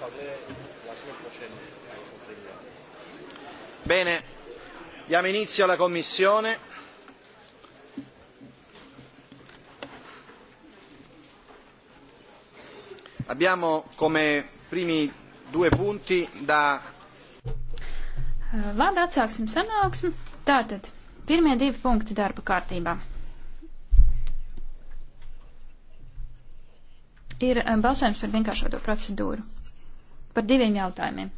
parler la semaine prochaine. Bene, diamo inizio alla Commissione. Abbiamo come primi due punti da. Eh, labi, atsāksim sanāksmi. Tātad, pirmie divi punkti darba kārtībā. ir eh, balsojums par vienkāršoto procedūru par diviem jautājumiem.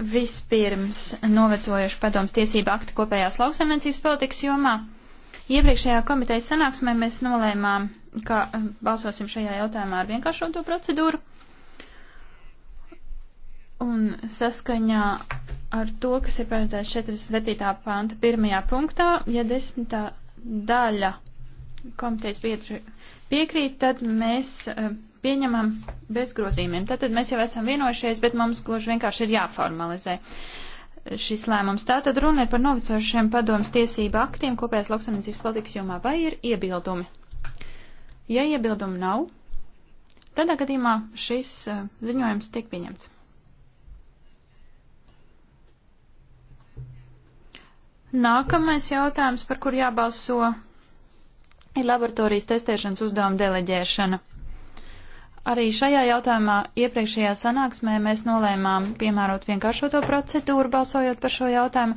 Vispirms novecojuši padoms tiesība akti kopējās lauksaimniecības politikas jomā. Iepriekšējā komitejas sanāksmē mēs nolēmām, ka eh, balsosim šajā jautājumā ar vienkāršoto procedūru. Un saskaņā ar to, kas ir paredzēts 47. panta pirmajā punktā, ja desmitā daļa komitejas biedri piekrīt, tad mēs eh, pieņemam bez grozījumiem. Tātad mēs jau esam vienojušies, bet mums gluži vienkārši ir jāformalizē šis lēmums. Tātad runa ir par novecojušiem padomus tiesību aktiem kopējās lauksamniecības politikas jomā. Vai ir iebildumi? Ja iebildumi nav, tādā gadījumā šis uh, ziņojums tiek pieņemts. Nākamais jautājums, par kur jābalso, ir laboratorijas testēšanas uzdevuma deleģēšana. Arī šajā jautājumā iepriekšējā sanāksmē mēs nolēmām piemērot vienkāršoto procedūru, balsojot par šo jautājumu,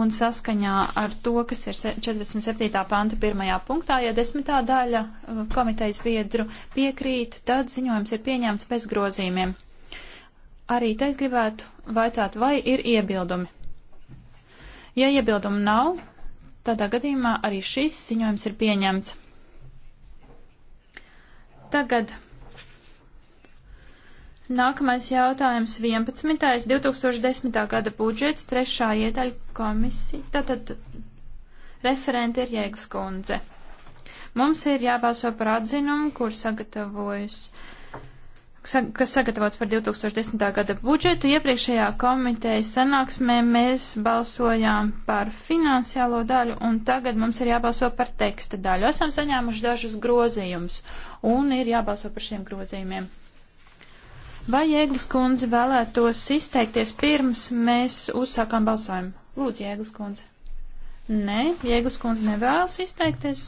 un saskaņā ar to, kas ir 47. panta pirmajā punktā, ja desmitā daļa uh, komitejas biedru piekrīt, tad ziņojums ir pieņemts bez grozījumiem. Arī te es gribētu vaicāt, vai ir iebildumi. Ja iebildumu nav, tādā gadījumā arī šis ziņojums ir pieņemts. Tagad Nākamais jautājums 11. 2010. gada budžets, trešā iedaļa komisija. Tātad referenti ir Jēgas kundze. Mums ir jābalso par atzinumu, kur sagatavojas, kas sagatavots par 2010. gada budžetu. Iepriekšējā komitejas sanāksmē mēs balsojām par finansiālo daļu, un tagad mums ir jābalso par teksta daļu. Esam saņēmuši dažus grozījumus, un ir jābalso par šiem grozījumiem. Vai Jēglas kundze vēlētos izteikties pirms mēs uzsākām balsojumu? Lūdzu, Jēglas kundze. Nē, Jēglas kundze nevēlas izteikties.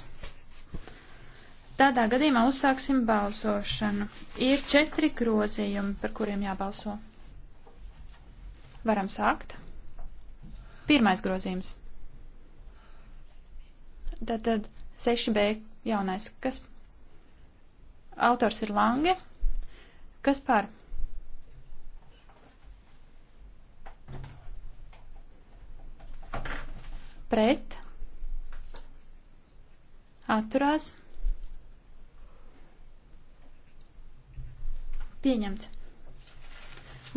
Tādā gadījumā uzsāksim balsošanu. Ir četri grozījumi, par kuriem jābalso. Varam sākt. Pirmais grozījums. Tātad 6b jaunais. Kas? Autors ir Lange. Kas par? pret, atturās, pieņemts.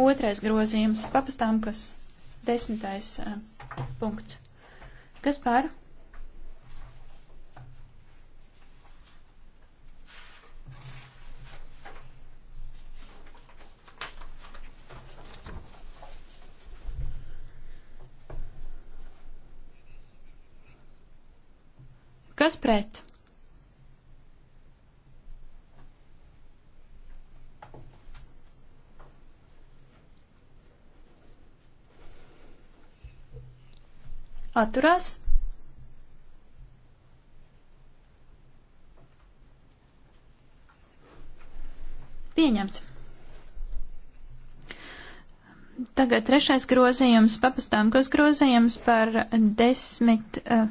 Otrais grozījums, papastām, kas desmitais uh, punkts. Kas par? pret? Atturās? Pieņemts. Tagad trešais grozījums, papastām, kas grozījums par desmit, uh,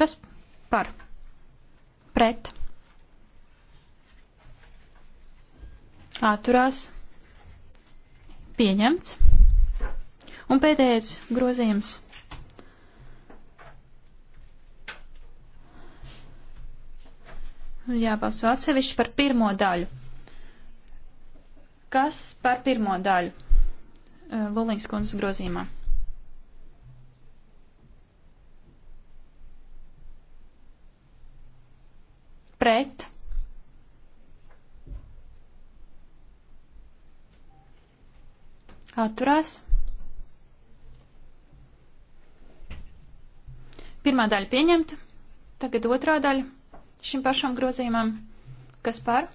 kas par pret atturās pieņemts. Un pēdējais grozījums. Jābalso atsevišķi par pirmo daļu. Kas par pirmo daļu? Lulīngas kundzes grozījumā. pret. Atturās. Pirmā daļa pieņemta, tagad otrā daļa šim pašam grozījumam. Kas par?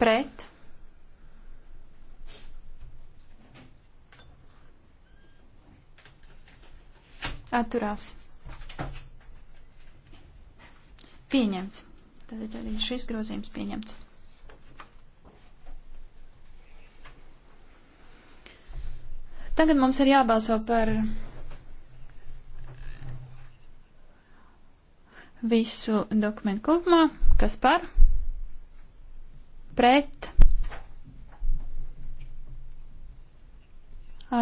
Pret. atturās. Pieņemts. Tātad arī šis grozījums pieņemts. Tagad mums ir jābalso par visu dokumentu kopumā, kas par, pret,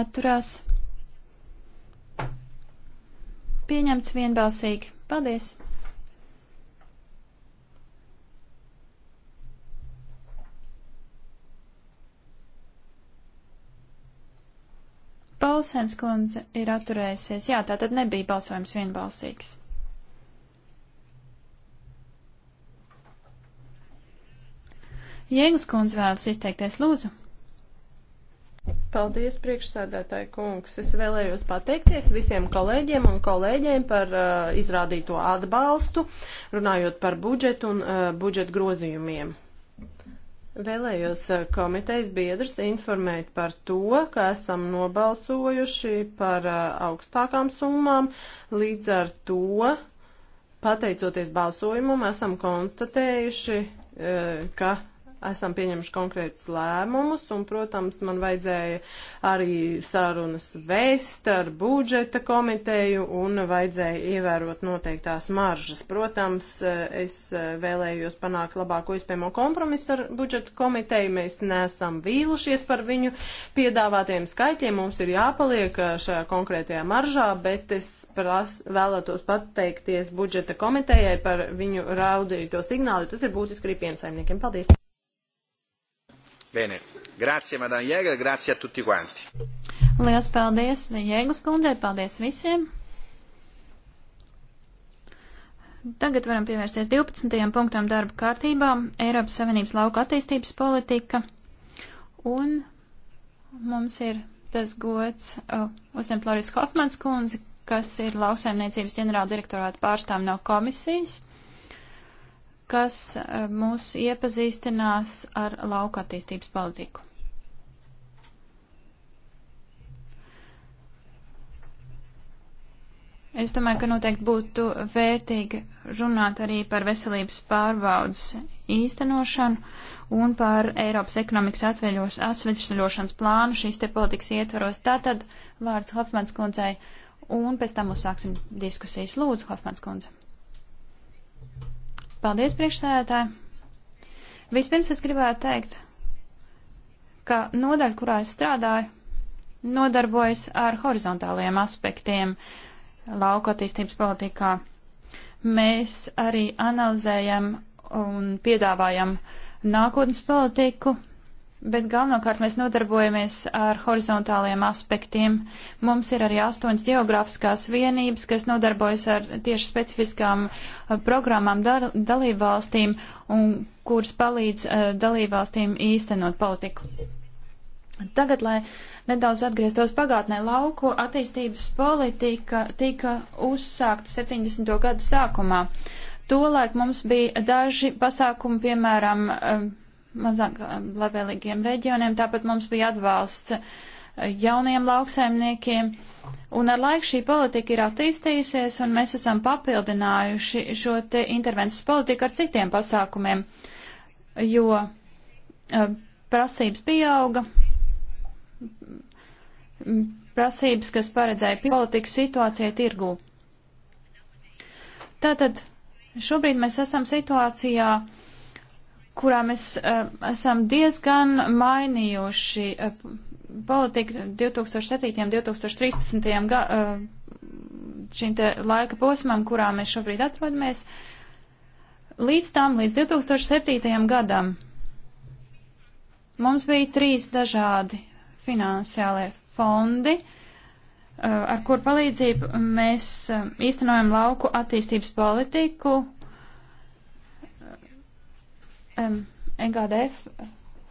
atturās. Pieņemts vienbalsīgi. Paldies! Paulsens kundze ir atturējusies. Jā, tā tad nebija balsojums vienbalsīgs. Jēgas kundze vēlas izteikties, lūdzu. Paldies, priekšsēdētāji kungs. Es vēlējos pateikties visiem kolēģiem un kolēģiem par uh, izrādīto atbalstu, runājot par budžetu un uh, budžetu grozījumiem. Vēlējos uh, komitejas biedrs informēt par to, ka esam nobalsojuši par uh, augstākām summām, līdz ar to, pateicoties balsojumam, esam konstatējuši, uh, ka esam pieņemuši konkrētus lēmumus, un, protams, man vajadzēja arī sarunas vēst ar budžeta komiteju, un vajadzēja ievērot noteiktās maržas. Protams, es vēlējos panākt labāko iespējamo kompromisu ar budžeta komiteju, mēs nesam vīlušies par viņu piedāvātajiem skaitļiem, mums ir jāpaliek šajā konkrētajā maržā, bet es pras, vēlētos pateikties budžeta komitejai par viņu raudīto signālu, tas ir būtiski arī piensaimniekiem. Paldies! Bene. Grazie, Madame Jēgla, grazie a tutti quanti. Lielas paldies Jēglas kundzei, paldies visiem. Tagad varam pievērsties 12. punktam darba kārtībā - Eiropas Savienības lauka attīstības politika. Un mums ir tas gods uh, uzņemt Loris Hofmans kundzi, kas ir lauksaimniecības ģenerāla direktorāta pārstāvja no komisijas kas eh, mūs iepazīstinās ar lauka attīstības politiku. Es domāju, ka noteikti būtu vērtīgi runāt arī par veselības pārbaudas īstenošanu un par Eiropas ekonomikas atvesļošanas plānu šīs te politikas ietvaros. Tātad vārds Hofmans kundzei un pēc tam uzsāksim diskusijas. Lūdzu, Hofmans kundze. Paldies, priekšsēdētāji! Vispirms es gribētu teikt, ka nodaļa, kurā es strādāju, nodarbojas ar horizontāliem aspektiem lauka attīstības politikā. Mēs arī analizējam un piedāvājam nākotnes politiku, bet galvenokārt mēs nodarbojamies ar horizontāliem aspektiem. Mums ir arī astoņas geogrāfiskās vienības, kas nodarbojas ar tieši specifiskām uh, programmām dal dalībvalstīm un kuras palīdz uh, dalībvalstīm īstenot politiku. Tagad, lai nedaudz atgrieztos pagātnē, lauku attīstības politika tika uzsākta 70. gadu sākumā. Tolēk mums bija daži pasākumi, piemēram, uh, mazāk um, labvēlīgiem reģioniem, tāpat mums bija atbalsts uh, jauniem lauksaimniekiem. Un ar laiku šī politika ir attīstījusies, un mēs esam papildinājuši šo te intervences politiku ar citiem pasākumiem, jo uh, prasības pieauga, prasības, kas paredzēja politiku situācijai tirgū. Tātad šobrīd mēs esam situācijā, uh, kurā mēs uh, esam diezgan mainījuši uh, politiku 2007. un 2013. Ga, uh, šim te laika posmam, kurā mēs šobrīd atrodamies, līdz tam, līdz 2007. gadam mums bija trīs dažādi finansiālie fondi, uh, ar kur palīdzību mēs uh, īstenojam lauku attīstības politiku, um, NGDF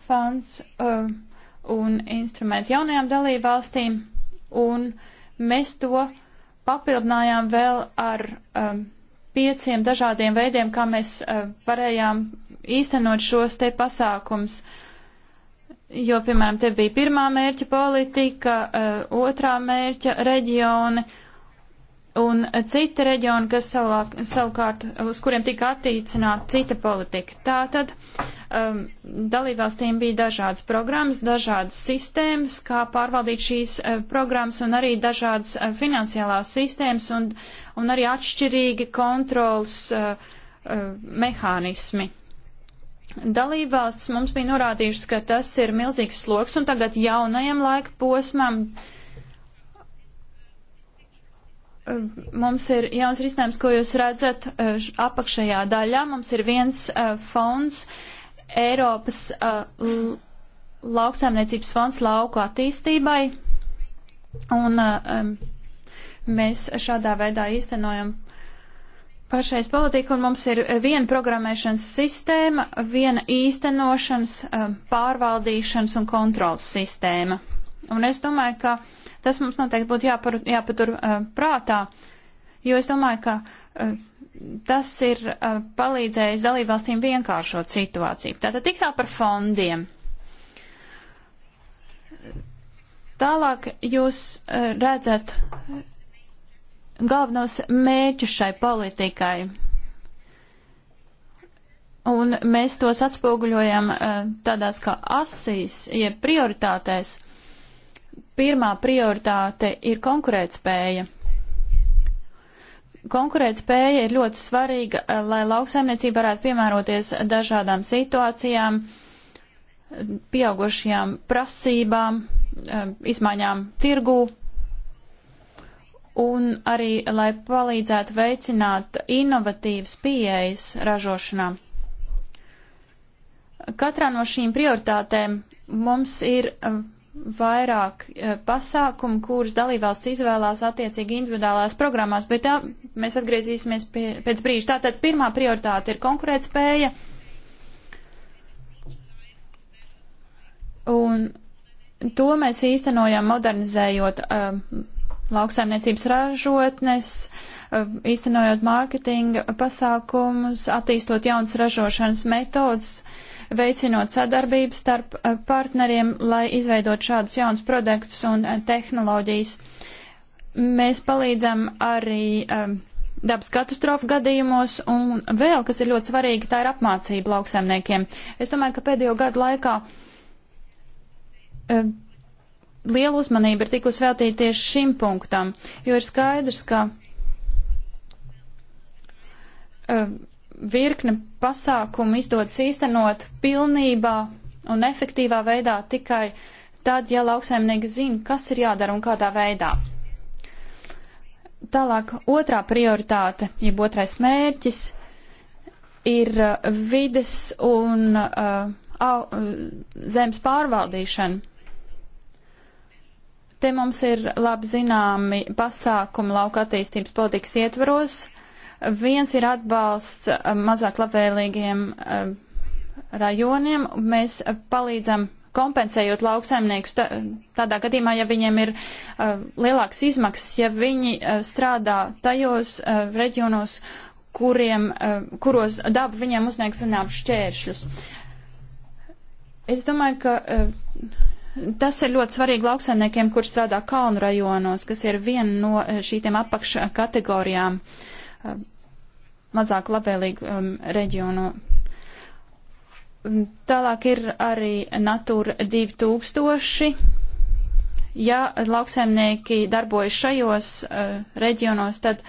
fonds um, un instruments jaunajām dalībvalstīm, un mēs to papildinājām vēl ar um, pieciem dažādiem veidiem, kā mēs um, varējām īstenot šos te pasākums. Jo, piemēram, te bija pirmā mērķa politika, uh, otrā mērķa reģioni, uh, un citi reģioni, kas savulāk, savukārt, uz kuriem tika attīcināta cita politika. Tātad um, dalībvalstīm bija dažādas programmas, dažādas sistēmas, kā pārvaldīt šīs uh, programmas un arī dažādas uh, finansiālās sistēmas un, un arī atšķirīgi kontrols uh, uh, mehānismi. Dalībvalsts mums bija norādījušas, ka tas ir milzīgs sloks un tagad jaunajam laika posmam. Uh, Ehm, mums ir jauns risinājums, ko jūs redzat ehm, apakšējā daļā. Mums ir viens ehm, fonds, Eiropas lauksaimniecības fonds lauku attīstībai. Un mēs šādā veidā īstenojam pašreiz politiku, un mums ir viena programmēšanas sistēma, viena īstenošanas, pārvaldīšanas un kontrolas sistēma. Un es domāju, ka tas mums noteikti būtu jāpar, jāpatur uh, prātā, jo es domāju, ka uh, tas ir uh, palīdzējis dalībvalstīm vienkāršot situāciju. Tātad tik tā par fondiem. Tālāk jūs uh, redzat galvenos mēķus šai politikai. Un mēs tos atspoguļojam uh, tādās kā asīs, jeb prioritātēs pirmā prioritāte ir konkurētspēja. Konkurētspēja ir ļoti svarīga, eh, lai lauksaimniecība varētu piemēroties dažādām situācijām, pieaugušajām prasībām, eh, izmaiņām tirgū un arī, lai palīdzētu veicināt inovatīvas pieejas ražošanā. Katrā no šīm prioritātēm mums ir eh, vairāk eh, pasākumu, kurus dalībvalsts izvēlās attiecīgi individuālās programmās, bet tā, mēs atgriezīsimies pie, pēc brīža. Tātad pirmā prioritāte ir konkurētspēja. Un to mēs īstenojam modernizējot uh, lauksaimniecības ražotnes, uh, īstenojot mārketinga pasākumus, attīstot jaunas ražošanas metodas. Uh, veicinot sadarbību starp eh, partneriem, lai izveidot šādus jaunus produktus un eh, tehnoloģijas. Mēs palīdzam arī eh, dabas katastrofu gadījumos, un vēl, kas ir ļoti svarīgi, tā ir apmācība lauksaimniekiem. Es domāju, ka pēdējo gadu laikā liela uzmanība ir tikusi veltīta tieši šim punktam, jo ir skaidrs, ka virkne pasākumu izdodas īstenot pilnībā un efektīvā veidā tikai tad, ja lauksaimnieki zina, kas ir jādara un kādā veidā. Tālāk otrā prioritāte, jeb otrais mērķis, ir uh, vides un uh, au, uh, zemes pārvaldīšana. Te mums ir labi zināmi pasākumi lauka attīstības politikas ietvaros, Viens ir atbalsts eh, mazāk labvēlīgiem eh, rajoniem. Mēs eh, palīdzam kompensējot lauksaimniekus tādā gadījumā, ja viņiem ir uh, lielāks izmaksas, ja viņi uh, strādā tajos uh, reģionos, kuriem, kuros daba viņiem uzniek zināmas šķēršļus. Es domāju, ka tas ir ļoti svarīgi lauksaimniekiem, kur strādā kalnu rajonos, kas ir viena no šīm apakškategorijām. Uh, Um, mazāk labvēlīgu um, reģionu. Um, tālāk ir arī Natūra 2000. Ja lauksaimnieki darbojas šajos uh, reģionos, tad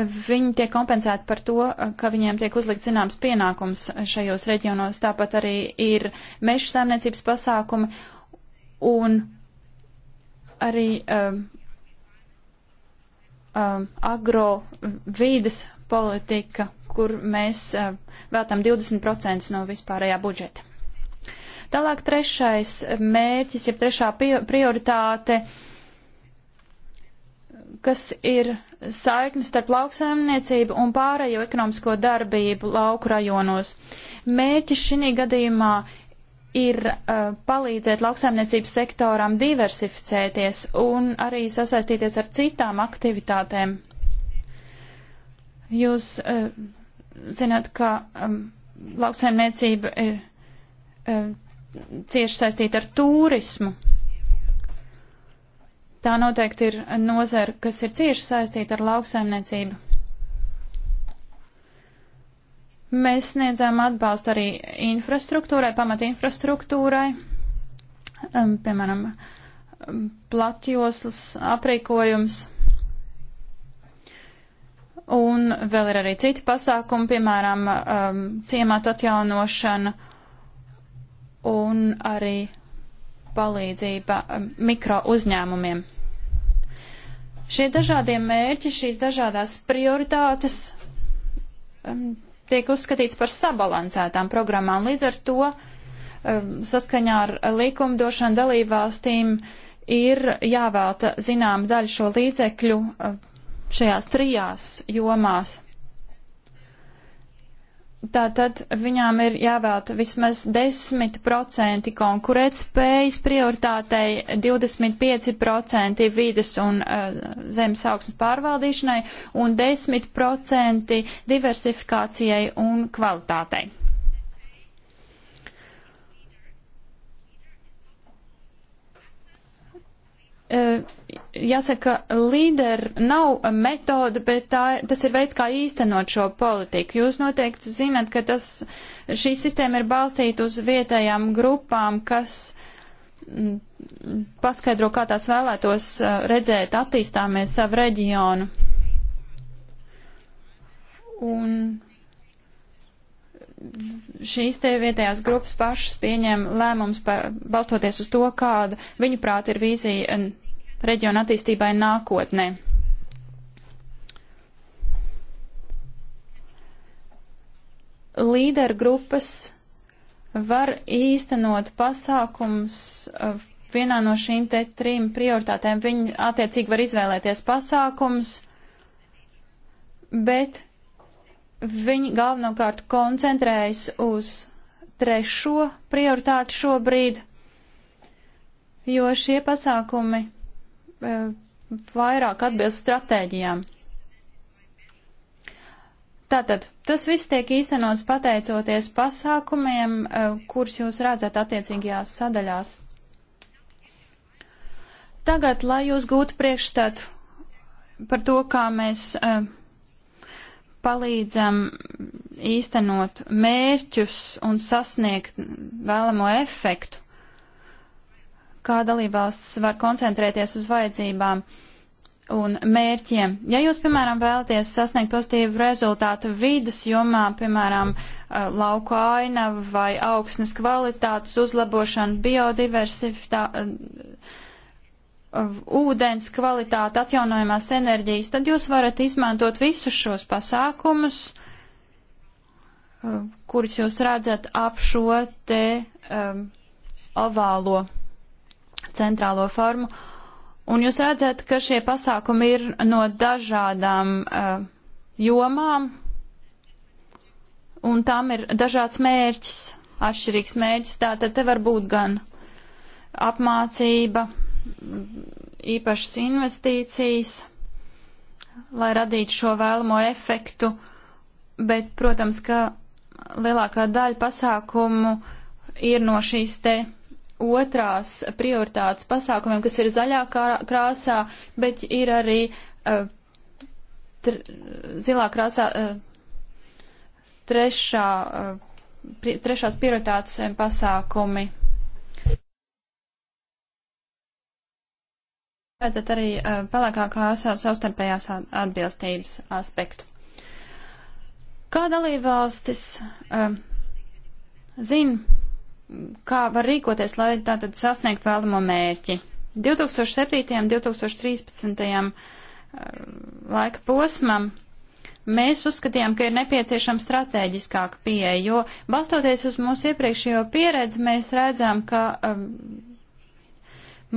viņi tiek kompensēti par to, uh, ka viņiem tiek uzlikt zināms pienākums šajos reģionos. Tāpat arī ir meža saimniecības pasākumi un arī uh, um, agro vīdes politika, kur mēs uh, veltam 20% no vispārējā budžeta. Tālāk trešais mērķis, ja trešā prioritāte, kas ir saiknes starp lauksaimniecību un pārējo ekonomisko darbību lauku rajonos. Mērķis šī gadījumā ir uh, palīdzēt lauksaimniecības sektoram diversificēties un arī sasaistīties ar citām aktivitātēm. Jūs uh, zināt, ka um, lauksaimniecība ir uh, cieši saistīta ar turismu. Tā noteikti ir nozara, kas ir cieši saistīta ar lauksaimniecību. Mēs sniedzām atbalstu arī infrastruktūrai, pamat infrastruktūrai, um, piemēram, um, platjoslas aprīkojums. Un vēl ir arī citi pasākumi, piemēram, um, ciemāta atjaunošana un arī palīdzība um, mikro uzņēmumiem. Šie dažādie mērķi, šīs dažādās prioritātes um, tiek uzskatīts par sabalansētām programmām. Līdz ar to um, saskaņā ar likumdošanu dalībvalstīm ir jāvēlta zinām daļa šo līdzekļu uh, šajās trijās jomās Tātad viņām ir jāvēlta vismaz 10% konkurētspējas prioritātei, 25% vides un uh, zemes augsnes pārvaldīšanai un 10% diversifikācijai un kvalitātei. Uh, jāsaka, līderi nav metoda, bet tā, tas ir veids, kā īstenot šo politiku. Jūs noteikti zinat, ka tas, šī sistēma ir balstīta uz vietējām grupām, kas mm, paskaidro, kā tās vēlētos uh, redzēt attīstāmies savu reģionu. Un šīs te vietējās grupas pašas pieņem lēmums par, balstoties uz to, kāda viņu prāt ir vīzija reģiona attīstībai nākotnē. Līdergrupas var īstenot pasākums uh, vienā no šīm te trim prioritātēm. Viņi attiecīgi var izvēlēties pasākums, bet viņi galvenokārt koncentrējas uz trešo prioritāti šobrīd, jo šie pasākumi Eh, vairāk atbilst stratēģijām. Tātad, tas viss tiek īstenots pateicoties pasākumiem, eh, kurus jūs redzat attiecīgajās sadaļās. Tagad, lai jūs gūtu priekšstatu par to, kā mēs eh, palīdzam īstenot mērķus un sasniegt vēlamo efektu, kā dalībvalstis var koncentrēties uz vajadzībām un mērķiem. Ja jūs, piemēram, vēlaties sasniegt pozitīvu rezultātu vidas jomā, piemēram, uh, lauku aina vai augsnes kvalitātes uzlabošana, biodiversitāte, uh, ūdens kvalitāte, atjaunojamās enerģijas, tad jūs varat izmantot visus šos pasākumus, uh, kurus jūs redzat ap šo te um, ovālo centrālo formu. Un jūs redzat, ka šie pasākumi ir no dažādām uh, jomām, un tam ir dažāds mērķis, atšķirīgs mērķis. Tātad te var būt gan apmācība, īpašas investīcijas, lai radītu šo vēlamo efektu, bet, protams, ka lielākā daļa pasākumu ir no šīs te otrās prioritātes pasākumiem, kas ir zaļā krāsā, bet ir arī uh, tr, zilā krāsā uh, trešā, uh, pri, trešās prioritātes pasākumi. Redzat arī uh, pelēkā krāsā savstarpējās atbilstības aspektu. Kā dalībvalstis uh, zina, kā var rīkoties, lai tātad sasniegt vēlamo mērķi. 2007. un 2013. laika posmam mēs uzskatījām, ka ir nepieciešama stratēģiskāka pieeja, jo balstoties uz mūsu iepriekšējo pieredzi, mēs redzam, ka um,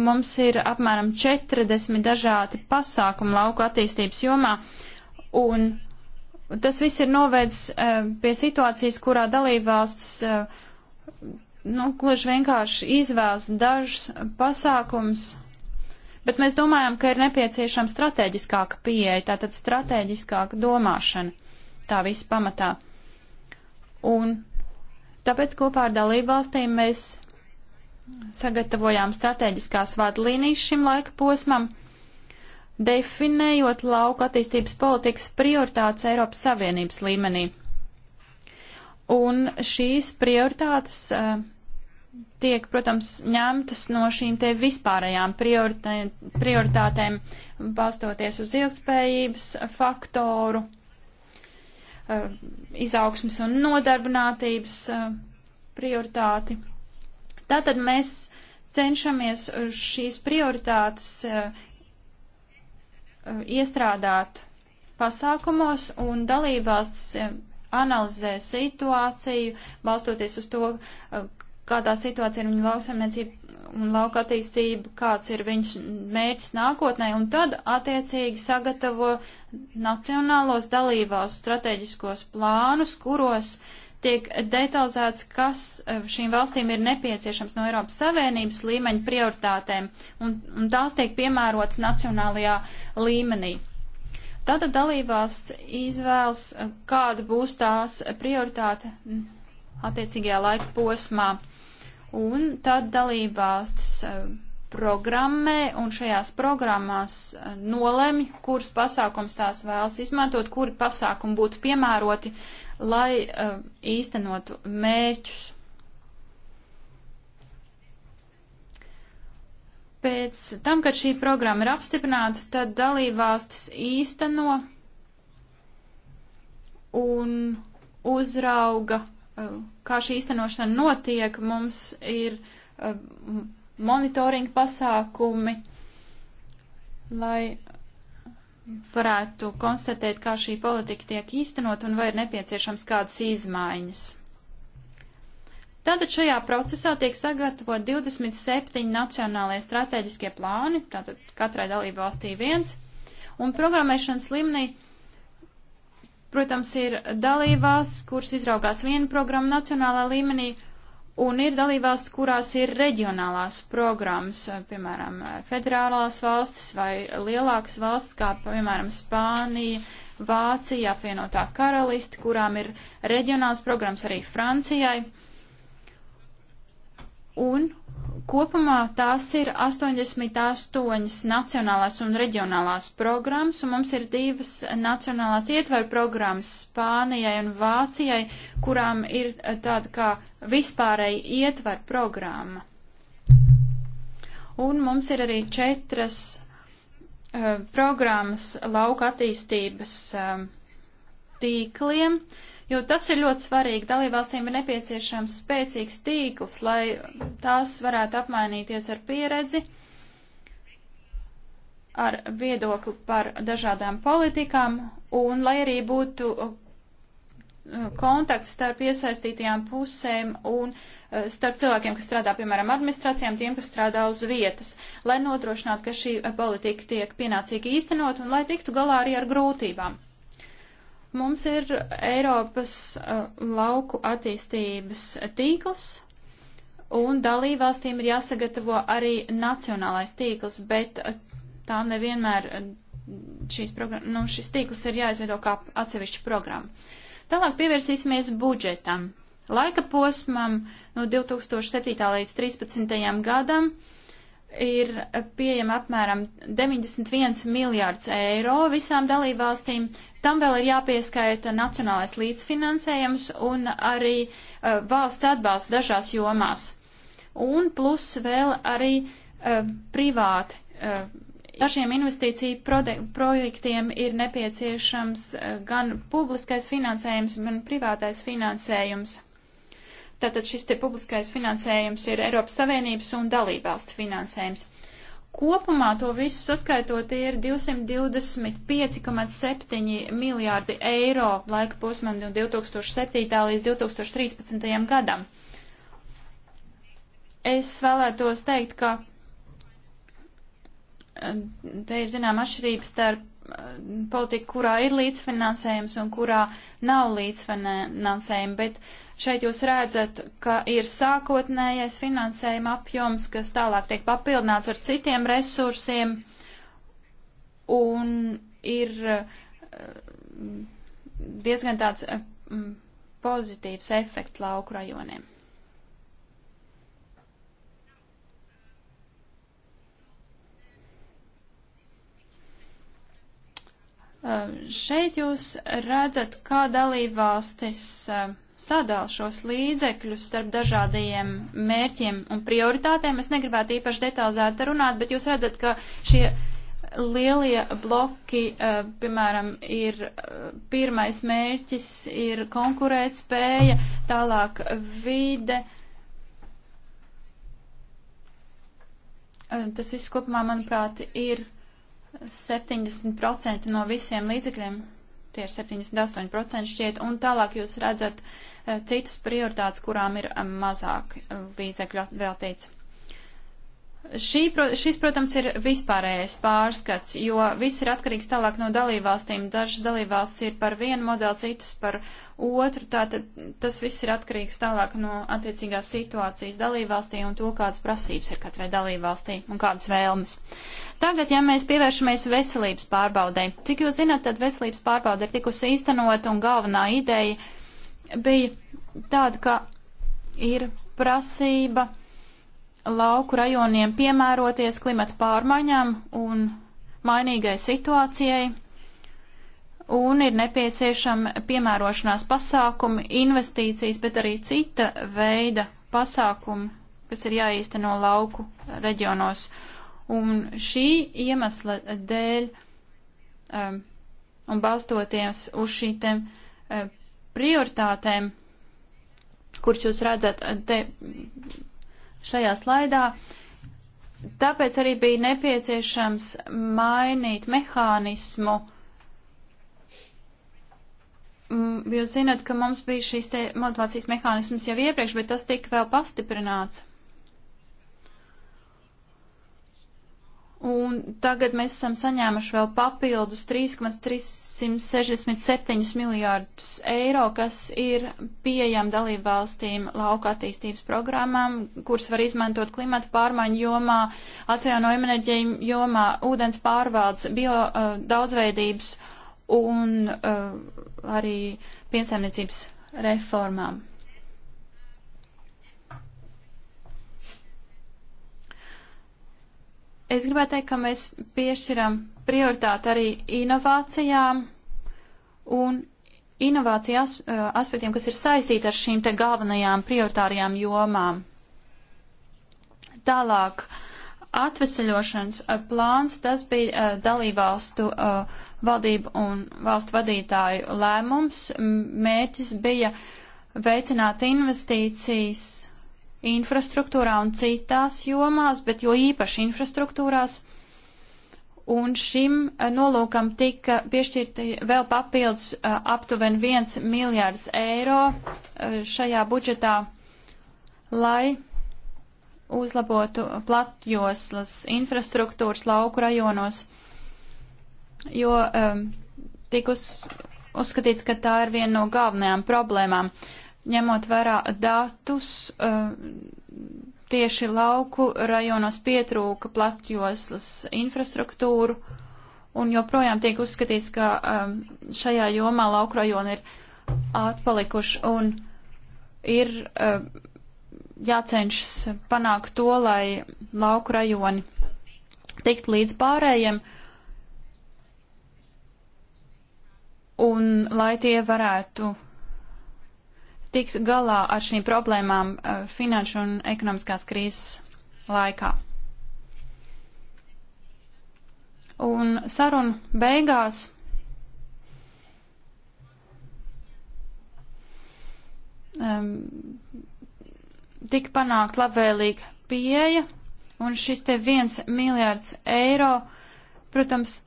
mums ir apmēram 40 dažādi pasākumi lauku attīstības jomā, un tas viss ir novēdz uh, pie situācijas, kurā dalībvalsts uh, eh, nu, gluži vienkārši izvēlas dažus pasākums, bet mēs domājam, ka ir nepieciešama strateģiskāka pieeja, tātad strateģiskāka domāšana tā viss pamatā. Un tāpēc kopā ar dalību valstīm mēs sagatavojām strateģiskās vadlīnijas šim laika posmam, definējot lauka attīstības politikas prioritātes Eiropas Savienības līmenī. Un šīs prioritātes uh, tiek, protams, ņemtas no šīm te vispārējām prioritātēm, balstoties uz ilgspējības faktoru, eh, izaugsmas un nodarbinātības eh, prioritāti. Tātad mēs cenšamies šīs prioritātes eh, iestrādāt pasākumos un dalībvalsts analizē situāciju, balstoties uz to, kādā situācijā ir viņa lauksaimniecība un lauka attīstība, kāds ir viņš mērķis nākotnē, un tad attiecīgi sagatavo nacionālos dalībās strateģiskos plānus, kuros tiek detalizēts, kas šīm valstīm ir nepieciešams no Eiropas Savienības līmeņa prioritātēm, un, un tās tiek piemērotas nacionālajā līmenī. Tātad dalībvalsts izvēlas, kāda būs tās prioritāte attiecīgajā laika posmā un tad dalībvalstis eh, programmē, un šajās programmās eh, nolemj, kurus pasākums tās vēlas izmantot, kuri pasākumi būtu piemēroti, lai uh, īstenotu mērķus. Pēc tam, kad šī programma ir apstiprināta, tad dalībvalstis īsteno un uzrauga Eh, kā šī īstenošana notiek, mums ir eh, monitoringa pasākumi, lai varētu konstatēt, kā šī politika tiek īstenot un vai ir nepieciešams kādas izmaiņas. Tātad šajā procesā tiek sagatavot 27 nacionālajie strateģiskie plāni, tātad katrai dalību valstī viens, un programmēšanas līmenī Protams, ir dalībvalsts, kuras izraugās vienu programmu nacionālā līmenī, un ir dalībvalsts, kurās ir reģionālās programmas, piemēram, federālās valstis vai lielākas valstis, kā piemēram Spānija, Vācija, apvienotā karalisti, kurām ir reģionāls programmas arī Francijai. Un Kopumā tās ir 88 nacionālās un reģionālās programmas, un mums ir divas nacionālās ietvaru programmas Spānijai un Vācijai, kurām ir eh, tāda kā vispārēja ietvaru programma. Un mums ir arī četras uh, programmas lauka attīstības uh, tīkliem, jo tas ir ļoti svarīgi. Dalībvalstīm ir nepieciešams spēcīgs tīkls, lai tās varētu apmainīties ar pieredzi, ar viedokli par dažādām politikām un lai arī būtu uh, kontakts starp iesaistītajām pusēm un uh, starp cilvēkiem, kas strādā, piemēram, administrācijām, tiem, kas strādā uz vietas, lai nodrošinātu, ka šī politika tiek pienācīgi īstenot un lai tiktu galā arī ar grūtībām. Mums ir Eiropas uh, lauku attīstības tīkls, un dalībvalstīm ir jāsagatavo arī nacionālais tīkls, bet uh, tām nevienmēr uh, šīs nu, šis tīkls ir jāizveido kā atsevišķa programma. Tālāk pievērsīsimies budžetam. Laika posmam no 2007. līdz 2013. gadam ir uh, pieejama apmēram 91 miljārds eiro visām dalībvalstīm, Tam vēl ir jāpieskaita nacionālais līdzfinansējums un arī uh, valsts atbalsts dažās jomās. Un plus vēl arī uh, privāti. Uh, Dažiem investīciju projektiem ir nepieciešams uh, gan publiskais finansējums, gan privātais finansējums. Tātad šis te publiskais finansējums ir Eiropas Savienības un dalībvalsts finansējums. Uh, Kopumā to visu saskaitot ir 225,7 miljārdi eiro laika posmam no 2007. līdz 2013. gadam. Es vēlētos teikt, ka eh, te ir zinām atšķirības starp politika, kurā ir līdzfinansējums un kurā nav līdzfinansējuma, bet šeit jūs redzat, ka ir sākotnējais finansējuma apjoms, kas tālāk tiek papildināts ar citiem resursiem un ir eh, diezgan tāds eh, pozitīvs efekts lauku rajoniem. Um, šeit jūs redzat, kā dalībvalstis um, sadala šos līdzekļus starp dažādajiem mērķiem un prioritātēm. Es negribētu īpaši detalizēti runāt, bet jūs redzat, ka šie lielie bloki, um, piemēram, ir uh, pirmais mērķis, ir konkurēt spēja, tālāk vide. Tas viss kopumā, manuprāt, ir 70% no visiem līdzekļiem, tie ir 78% šķiet, un tālāk jūs redzat eh, citas prioritātes, kurām ir eh, mazāk eh, līdzekļu veltīts. Šī, šis, protams, ir vispārējais pārskats, jo viss ir atkarīgs tālāk no dalībvalstīm. Dažas dalībvalstis ir par vienu modeli, citas par otru. Tātad tas viss ir atkarīgs tālāk no attiecīgās situācijas dalībvalstī un to, kādas prasības ir katrai dalībvalstī un kādas vēlmes. Uh, Tagad, ja mēs pievēršamies veselības pārbaudē, cik jūs zināt, tad veselības pārbaude ir tikusi īstenot un galvenā ideja bija tāda, ka ir prasība lauku rajoniem piemēroties klimata pārmaiņām un mainīgai situācijai un ir nepieciešama piemērošanās pasākumi, investīcijas, bet arī cita veida pasākumi, kas ir jāīsteno lauku reģionos. Un šī iemesla dēļ um, un balstoties uz šīm uh, prioritātēm, kuras jūs redzat uh, te šajā slaidā, tāpēc arī bija nepieciešams mainīt mehānismu. Mm, jūs zinat, ka mums bija šīs te motivācijas mehānisms jau iepriekš, bet tas tika vēl pastiprināts. Un tagad mēs esam saņēmuši vēl papildus 3,367 miljārdus eiro, kas ir pieejami dalību valstīm lauka attīstības programmām, kuras var izmantot klimata pārmaiņu jomā, atjaunojuma enerģiju jomā, ūdens pārvaldes, bio uh, daudzveidības un uh, arī piensaimniecības reformām. Es gribētu teikt, ka mēs piešķiram prioritāti arī inovācijām un inovāciju as, eh, aspektiem, kas ir saistīti ar šīm te galvenajām prioritārajām jomām. Tālāk, atveseļošanas eh, plāns, tas bija eh, dalībvalstu valdību un valstu vadītāju lēmums. Mērķis bija veicināt investīcijas infrastruktūrā un citās jomās, bet jo īpaši infrastruktūrās. Un šim eh, nolūkam tika piešķirti vēl papildus eh, aptuveni 1 miljārds eiro eh, šajā budžetā, lai uzlabotu platjoslas infrastruktūras lauku rajonos, jo um, tika uz, uzskatīts, ka tā ir viena no galvenajām problēmām. Uh, ņemot vērā datus, eh, tieši lauku rajonos pietrūka platjoslas infrastruktūru, un joprojām tiek uzskatīts, ka eh, šajā jomā lauku rajoni ir atpalikuši un ir eh, jācenšas panākt to, lai lauku rajoni tikt līdz pārējiem, un lai tie varētu tiks galā ar šīm problēmām eh, finanšu un ekonomiskās krīzes laikā. Un sarunu beigās um, tika panākt labvēlīga pieeja, un šis te viens miljārds eiro, protams,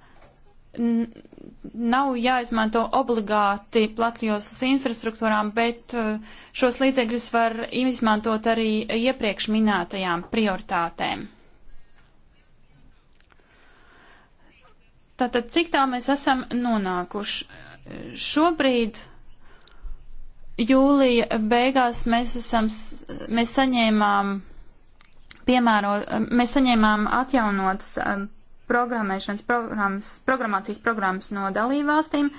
nav jāizmanto obligāti platjoslas infrastruktūrām, bet uh, šos līdzekļus var izmantot arī iepriekš minētajām prioritātēm. Tātad, cik tā mēs esam nonākuši? Šobrīd jūlija beigās mēs, esam, mēs saņēmām piemēro, mēs saņēmām atjaunotas um, programmēšanas programmas, programmācijas programmas no dalībvalstīm.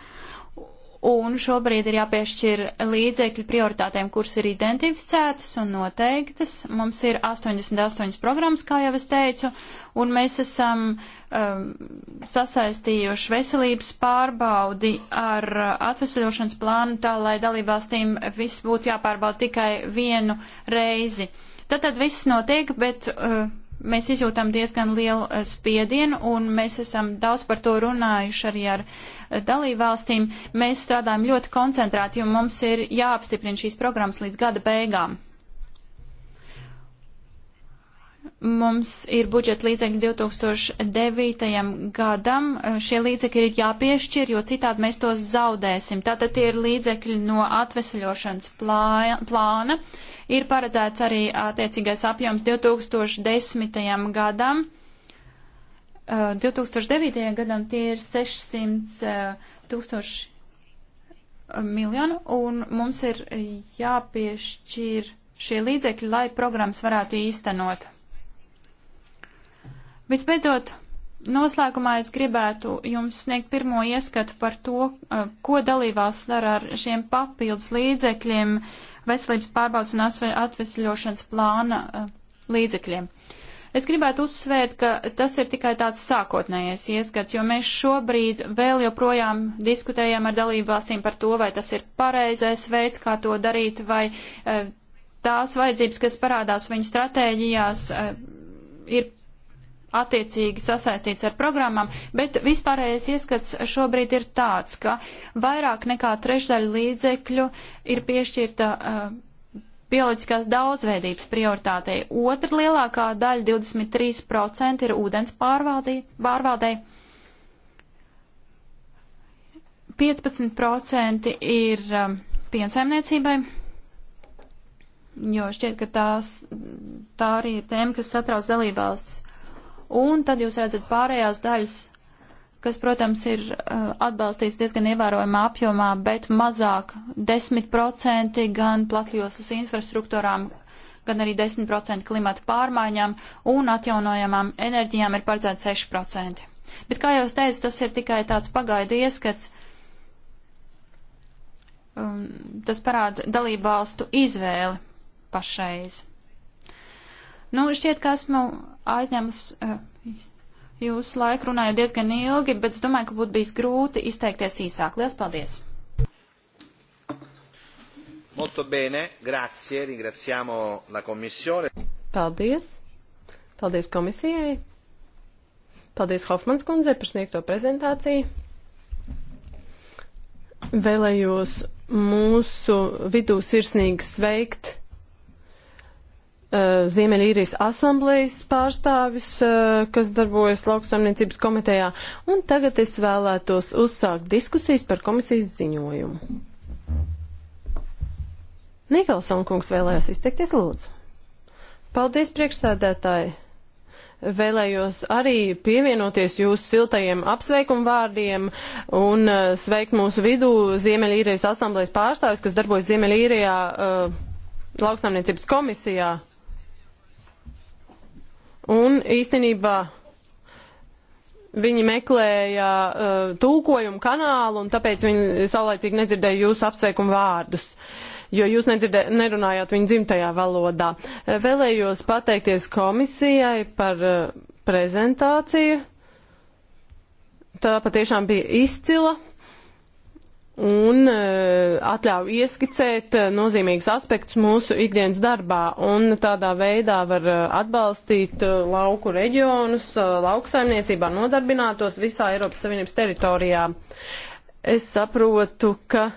Un šobrīd ir jāpiešķir līdzekļi prioritātēm, kuras ir identificētas un noteiktas. Mums ir 88 programmas, kā jau es teicu, un mēs esam um, sasaistījuši veselības pārbaudi ar atvesļošanas plānu tā, lai dalībvalstīm viss būtu jāpārbauda tikai vienu reizi. Tātad viss notiek, bet. Uh, mēs izjūtam diezgan lielu eh, spiedienu, un mēs esam daudz par to runājuši arī ar eh, dalībvalstīm. Mēs strādājam ļoti koncentrēti, jo mums ir jāapstiprina šīs programmas līdz gada beigām. Mums ir budžeta līdzekļi 2009. gadam. Šie līdzekļi ir jāpiešķir, jo citādi mēs tos zaudēsim. Tātad tie ir līdzekļi no atvesaļošanas plāna. Ir paredzēts arī attiecīgais apjoms 2010. gadam. 2009. Uh, gadam tie ir 600 uh, tūkstoši uh, miljonu, un mums ir jāpiešķir šie līdzekļi, lai programmas varētu īstenot. Visbeidzot, noslēgumā es gribētu jums sniegt pirmo ieskatu par to, eh, ko dalībās dara ar šiem papildus līdzekļiem veselības pārbaudas un atvesļošanas plāna eh, līdzekļiem. Es gribētu uzsvērt, ka tas ir tikai tāds sākotnējais ieskats, jo mēs šobrīd vēl joprojām diskutējam ar dalību valstīm par to, vai tas ir pareizais veids, kā to darīt, vai eh, tās vajadzības, kas parādās viņu stratēģijās, ir attiecīgi sasaistīts ar programmām, bet vispārējais ieskats šobrīd ir tāds, ka vairāk nekā trešdaļa līdzekļu ir piešķirta uh, bioloģiskās daudzveidības prioritātei. Otra lielākā daļa, 23%, ir ūdens pārvaldē. 15% ir um, piensaimniecībai, jo šķiet, ka tās, tā arī ir tēma, kas satrauc dalībvalsts un tad jūs redzat pārējās daļas, kas, protams, ir uh, atbalstīts diezgan ievērojumā apjomā, bet mazāk 10% gan platjosas infrastruktūrām, gan arī 10% klimata pārmaiņām un atjaunojamām enerģijām ir paredzēts 6%. Bet, kā jau es teicu, tas ir tikai tāds pagaidu ieskats. Um, tas parāda dalību valstu izvēli pašreiz. Nu, šķiet, ka esmu aizņēmus eh, jūsu laiku runājot diezgan ilgi, bet es domāju, ka būtu bijis grūti izteikties īsāk. Lielas paldies! Molto bene, grazie, ringraziamo la commissione. Paldies! Paldies komisijai! Paldies Hofmans kundzei par sniegto prezentāciju! Vēlējos mūsu vidū sirsnīgi sveikt Uh, Ziemeļīrijas asamblejas pārstāvis, uh, kas darbojas lauksaimniecības komitejā, un tagad es vēlētos uzsākt diskusijas par komisijas ziņojumu. Nikolson kungs vēlējās izteikties lūdzu. Paldies priekšstādētāji! vēlējos arī pievienoties jūsu siltajiem apsveikumu vārdiem un uh, sveikt mūsu vidū Ziemeļīrijas asamblejas pārstāvis, kas darbojas Ziemeļīrijā uh, lauksaimniecības komisijā. Un īstenībā viņi meklēja uh, tulkojumu kanālu, un tāpēc viņi saulēcīgi nedzirdēja jūsu apsveikumu vārdus. Jo jūs nedzirdē, nerunājāt viņu dzimtajā valodā. Uh, vēlējos pateikties komisijai par uh, prezentāciju. Tā patiešām bija izcila un eh, atļauj ieskicēt eh, nozīmīgus aspektus mūsu ikdienas darbā. Un tādā veidā var eh, atbalstīt lauku reģionus, lauksaimniecībā nodarbinātos visā Eiropas Savienības teritorijā. Es saprotu, ka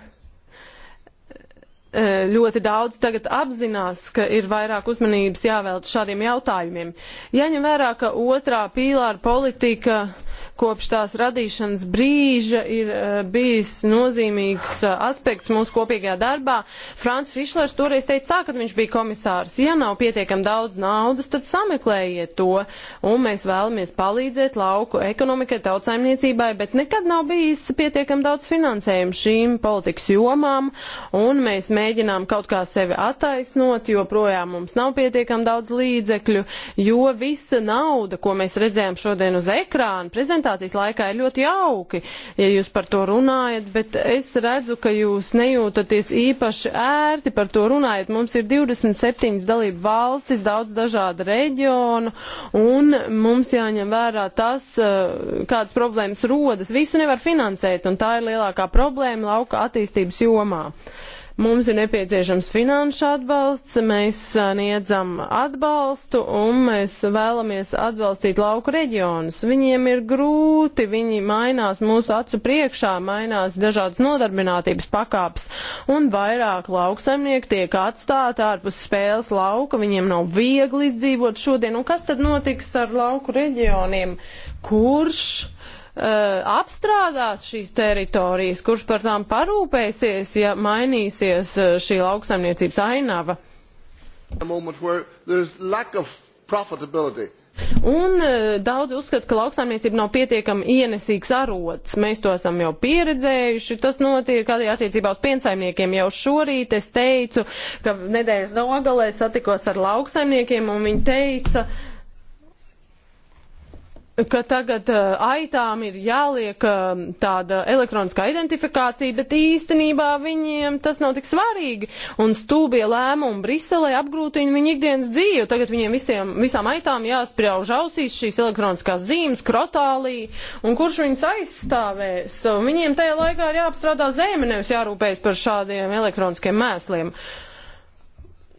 ļoti daudz tagad apzinās, ka ir vairāk uzmanības jāvēlta šādiem jautājumiem. Jaņem vērā, ka otrā pīlāra politika uh, kopš tās radīšanas brīža ir eh, bijis nozīmīgs eh, aspekts mūsu kopīgajā darbā. Frans Fišlers toreiz teica tā, kad viņš bija komisārs, ja nav pietiekam daudz naudas, tad sameklējiet to, un mēs vēlamies palīdzēt lauku ekonomikai, tautsaimniecībai, bet nekad nav bijis pietiekam daudz finansējumu šīm politikas jomām, un mēs mēģinām kaut kā sevi attaisnot, jo projām mums nav pietiekam daudz līdzekļu, jo visa nauda, ko mēs redzējām šodien uz ekrāna, prezentācijā, prezentācijas laikā ir ļoti jauki, ja jūs par to runājat, bet es redzu, ka jūs nejūtaties īpaši ērti par to runājat. Mums ir 27 dalību valstis, daudz dažādu reģionu, un mums jāņem vērā tas, eh, kādas problēmas rodas. Visu nevar finansēt, un tā ir lielākā problēma lauka attīstības jomā. Uh, Mums ir nepieciešams finanšu atbalsts, mēs sniedzam atbalstu un mēs vēlamies atbalstīt lauku reģionus. Viņiem ir grūti, viņi mainās mūsu acu priekšā, mainās dažādas nodarbinātības pakāpes un vairāk lauksaimnieku tiek atstāti ārpus spēles lauka, viņiem nav viegli izdzīvot šodien. Un kas tad notiks ar lauku reģioniem? Kurš? Uh, apstrādās šīs teritorijas, kurš par tām parūpēsies, ja mainīsies uh, šī lauksaimniecības ainava. Un uh, daudz uzskata, ka lauksaimniecība nav pietiekami ienesīgs arots. Mēs to esam jau pieredzējuši. Tas notiek arī attiecībā uz piensaimniekiem. Jau šorīt es teicu, ka nedēļas nogalē satikos ar lauksaimniekiem un viņi teica, uh, ka tagad uh, aitām ir jāliek uh, tāda elektroniskā identifikācija, bet īstenībā viņiem tas nav tik svarīgi. Un stūbie lēmumi Briselē apgrūtina viņu ikdienas dzīvi. Tagad viņiem visiem, visām aitām jāspriež ausīs šīs elektroniskās zīmes, krotālī, un kurš viņus aizstāvēs. Viņiem tajā laikā ir jāapstrādā zeme, nevis jārūpējas par šādiem elektroniskiem mēsliem. Uh,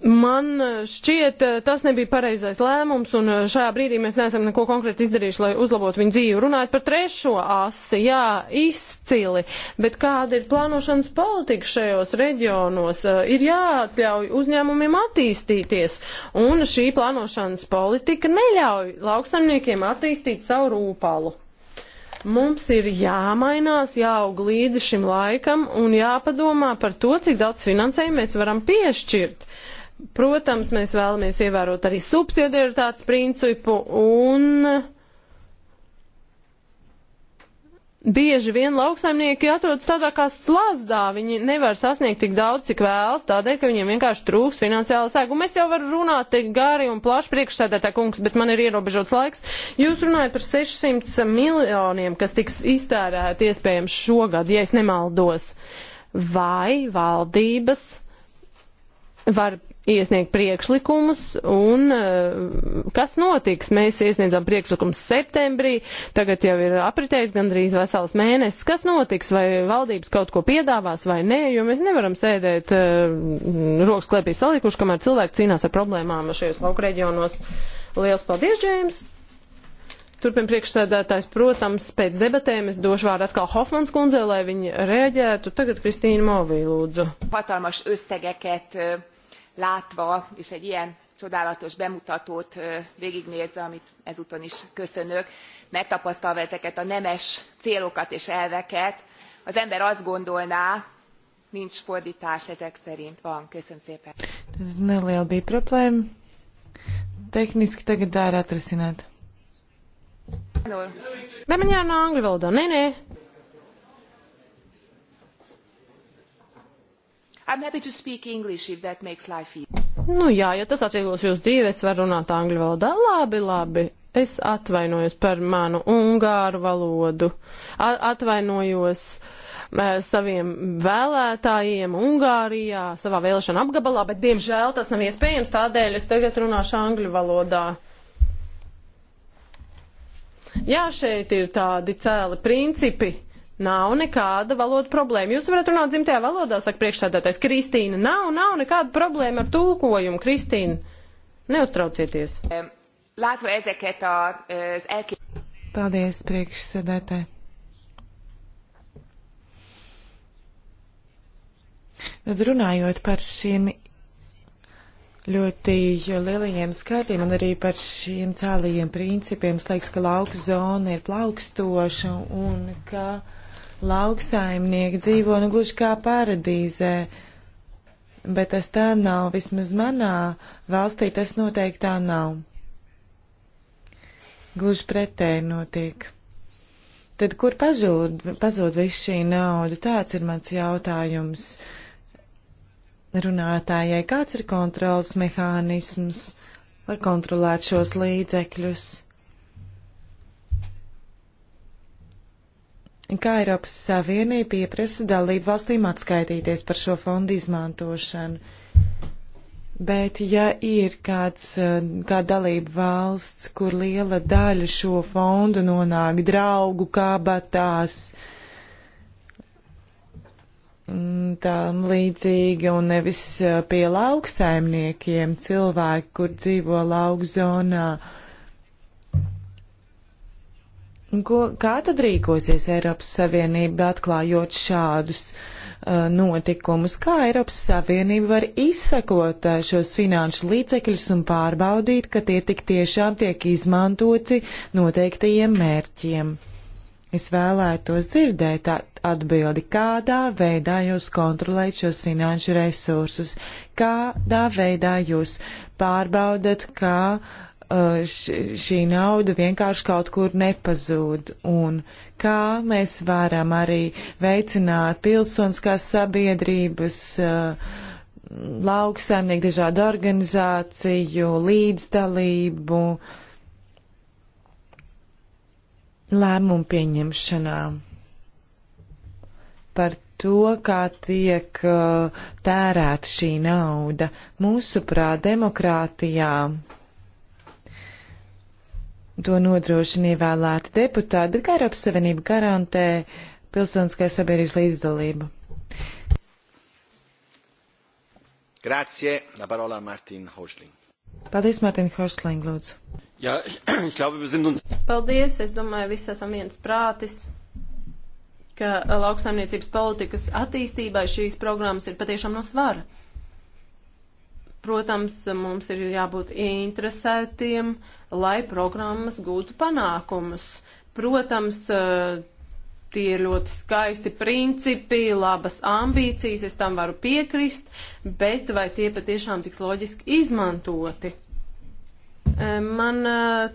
Man šķiet, eh, tas nebija pareizais lēmums, un eh, šajā brīdī mēs neesam neko konkrēti izdarījuši, lai uzlabotu viņu dzīvi. Runājot par trešo asi, jā, izcili, bet kāda ir plānošanas politika šajos reģionos? Eh, ir jāatļauj uzņēmumiem attīstīties, un šī plānošanas politika neļauj lauksaimniekiem attīstīt savu rūpalu mums ir jāmainās, jāaug līdzi šim laikam un jāpadomā par to, cik daudz finansējumu mēs varam piešķirt. Uh, Protams, mēs vēlamies ievērot arī subsidiaritātes principu un Bieži vien lauksaimnieki atrodas tādā kā slazdā, viņi nevar sasniegt tik daudz, cik vēlas, tādēļ, ka viņiem vienkārši trūks finansiāla sēga. Un mēs jau varam runāt gāri un plaši priekšsēdētā kungs, bet man ir ierobežots laiks. Jūs runājat par 600 miljoniem, kas tiks iztērēti iespējams šogad, ja es nemaldos. Vai valdības var iesniegt priekšlikumus, un eh, kas notiks? Mēs iesniedzām priekšlikumus septembrī, tagad jau ir apritējis gandrīz vesels mēnesis. Kas notiks? Vai valdības kaut ko piedāvās vai nē? Jo mēs nevaram sēdēt eh, rokas klēpī salikuši, kamēr cilvēki cīnās ar problēmām šajos lauku reģionos. Liels paldies, Džēms! Turpin priekšsēdētājs, protams, pēc debatēm es došu vārdu atkal Hofmans kundzei, lai viņa reaģētu. Tagad Kristīna Movī, lūdzu. Patalmaš összegeket eh, látva és egy ilyen csodálatos bemutatót végignézve amit ezúton is köszönök megtapasztalva ezeket a nemes célokat és elveket az ember azt gondolná nincs fordtás ezek szerint van. Köszönöm szépen. Ez neliela bija problēma. Tehniski tagad tā ir atrisināta. Bemaņā no angļu valodā. Nē, nē. I'm happy to speak English if that makes life easy. Nu jā, ja tas atvieglos jūsu dzīvi, es varu runāt angļu valodā. Labi, labi. Es atvainojos par manu ungāru valodu. A atvainojos e, saviem vēlētājiem Ungārijā, savā vēlēšana apgabalā, bet diemžēl tas nav iespējams, tādēļ es tagad runāšu angļu valodā. Jā, šeit ir tādi cēli principi. Uh, Nav nekāda valoda problēma. Jūs varat runāt dzimtajā valodā, saka priekšsēdētājs Kristīna. Nav, nav nekāda problēma ar tulkojumu, Kristīna. Neuztraucieties. Paldies, priekšsēdētāji. Tad runājot par šiem ļoti lielajiem skaitļiem un arī par šiem cēlajiem principiem, es liekas, ka lauka zona ir plaukstoša un ka. Uh, lauksaimnieki dzīvo nu gluži kā paradīzē, bet tas tā nav, vismaz manā valstī tas noteikti tā nav. Gluži pretēji notiek. Tad kur pazūd, pazūd viss šī nauda? Tāds ir mans jautājums runātājai. Kāds ir kontrols mehānisms? Var kontrolēt šos līdzekļus? kā Eiropas Savienība pieprasa dalību valstīm atskaitīties par šo fondu izmantošanu. Bet, ja ir kāds, eh, kā dalība valsts, kur liela daļa šo fondu nonāk draugu kabatās, tām mm, līdzīgi un nevis eh, pie lauksaimniekiem cilvēki, kur dzīvo laukzonā, zonā, Ko, kā tad rīkosies Eiropas Savienība atklājot šādus uh, notikumus? Kā Eiropas Savienība var izsekot uh, šos finanšu līdzekļus un pārbaudīt, ka tie tik tiešām tiek izmantoti noteiktajiem mērķiem? Es vēlētos dzirdēt atbildi, kādā veidā jūs kontrolējat šos finanšu resursus, kādā veidā jūs pārbaudat, kā uh, šī nauda vienkārši kaut kur nepazūd un kā mēs varam arī veicināt pilsoniskās sabiedrības, lauksaimnieku dažādu organizāciju, līdzdalību lēmumu pieņemšanā par to, kā tiek tērēta šī nauda. Mūsuprāt, demokrātijā to nodrošina ievēlēti deputāti, bet kā Eiropas Savienība garantē pilsoniskai sabiedrības līdzdalību? Grazie, la parola Martin Hošling. Paldies, Martin Hošling, lūdzu. Jā, es glaube, wir sind uns. Paldies, es domāju, visi esam viens prātis ka lauksaimniecības politikas attīstībai šīs programmas ir patiešām no svara. Protams, mums ir jābūt interesētiem, lai programmas gūtu panākumus. Protams, eh, tie ir ļoti skaisti principi, labas ambīcijas, es tam varu piekrist, bet vai tie patiešām tiks loģiski izmantoti? Man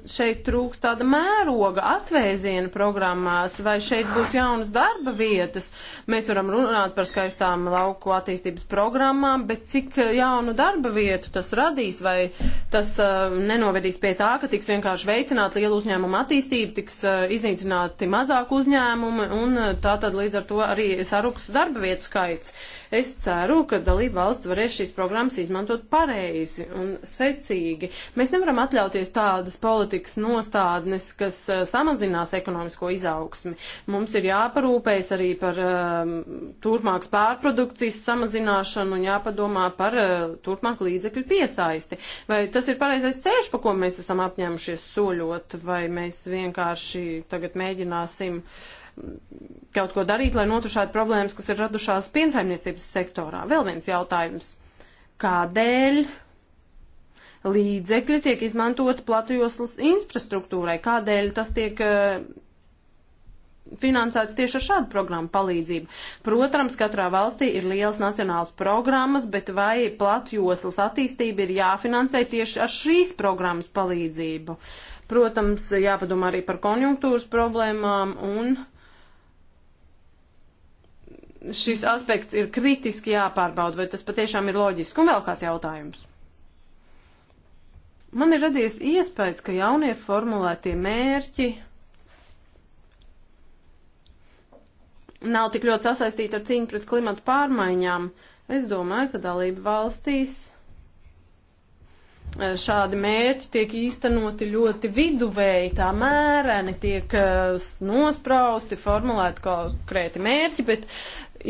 šeit trūks tāda mēroga atvēziena programmās, vai šeit būs jaunas darba vietas. Mēs varam runāt par skaistām lauku attīstības programmām, bet cik jaunu darba vietu tas radīs, vai tas uh, nenovedīs pie tā, ka tiks vienkārši veicināt lielu uzņēmumu attīstību, tiks uh, iznīcināti mazāk uzņēmumi, un uh, tā tad līdz ar to arī saruks darba vietu skaits. Es ceru, ka dalība valsts varēs šīs programmas izmantot pareizi un secīgi. Mēs nevaram atļauties tādas politikas nostādnes, kas uh, samazinās ekonomisko izaugsmi. Mums ir jāparūpējas arī par uh, turpmākas pārprodukcijas samazināšanu un jāpadomā par uh, eh, turpmāk līdzekļu piesaisti. Vai tas ir pareizais ceļš, pa ko mēs esam apņēmušies soļot, vai mēs vienkārši tagad mēģināsim mm, kaut ko darīt, lai notušātu problēmas, kas ir radušās piensaimniecības sektorā. Vēl viens jautājums. Kādēļ līdzekļi tiek izmantoti platujoslas infrastruktūrai. Kādēļ tas tiek eh, finansēts tieši ar šādu programmu palīdzību. Protams, katrā valstī ir liels nacionāls programmas, bet vai platjoslas attīstība ir jāfinansē tieši ar šīs programmas palīdzību? Protams, jāpadomā arī par konjunktūras problēmām un šis aspekts ir kritiski jāpārbauda, vai tas patiešām ir loģiski. Un vēl kāds jautājums. Man ir radies iespējas, ka jaunie formulētie mērķi nav tik ļoti sasaistīti ar cīņu pret klimatu pārmaiņām. Es domāju, ka dalība valstīs eh, šādi mērķi tiek īstenoti ļoti viduvēji, tā mēreni tiek eh, nosprausti, formulēti konkrēti mērķi, bet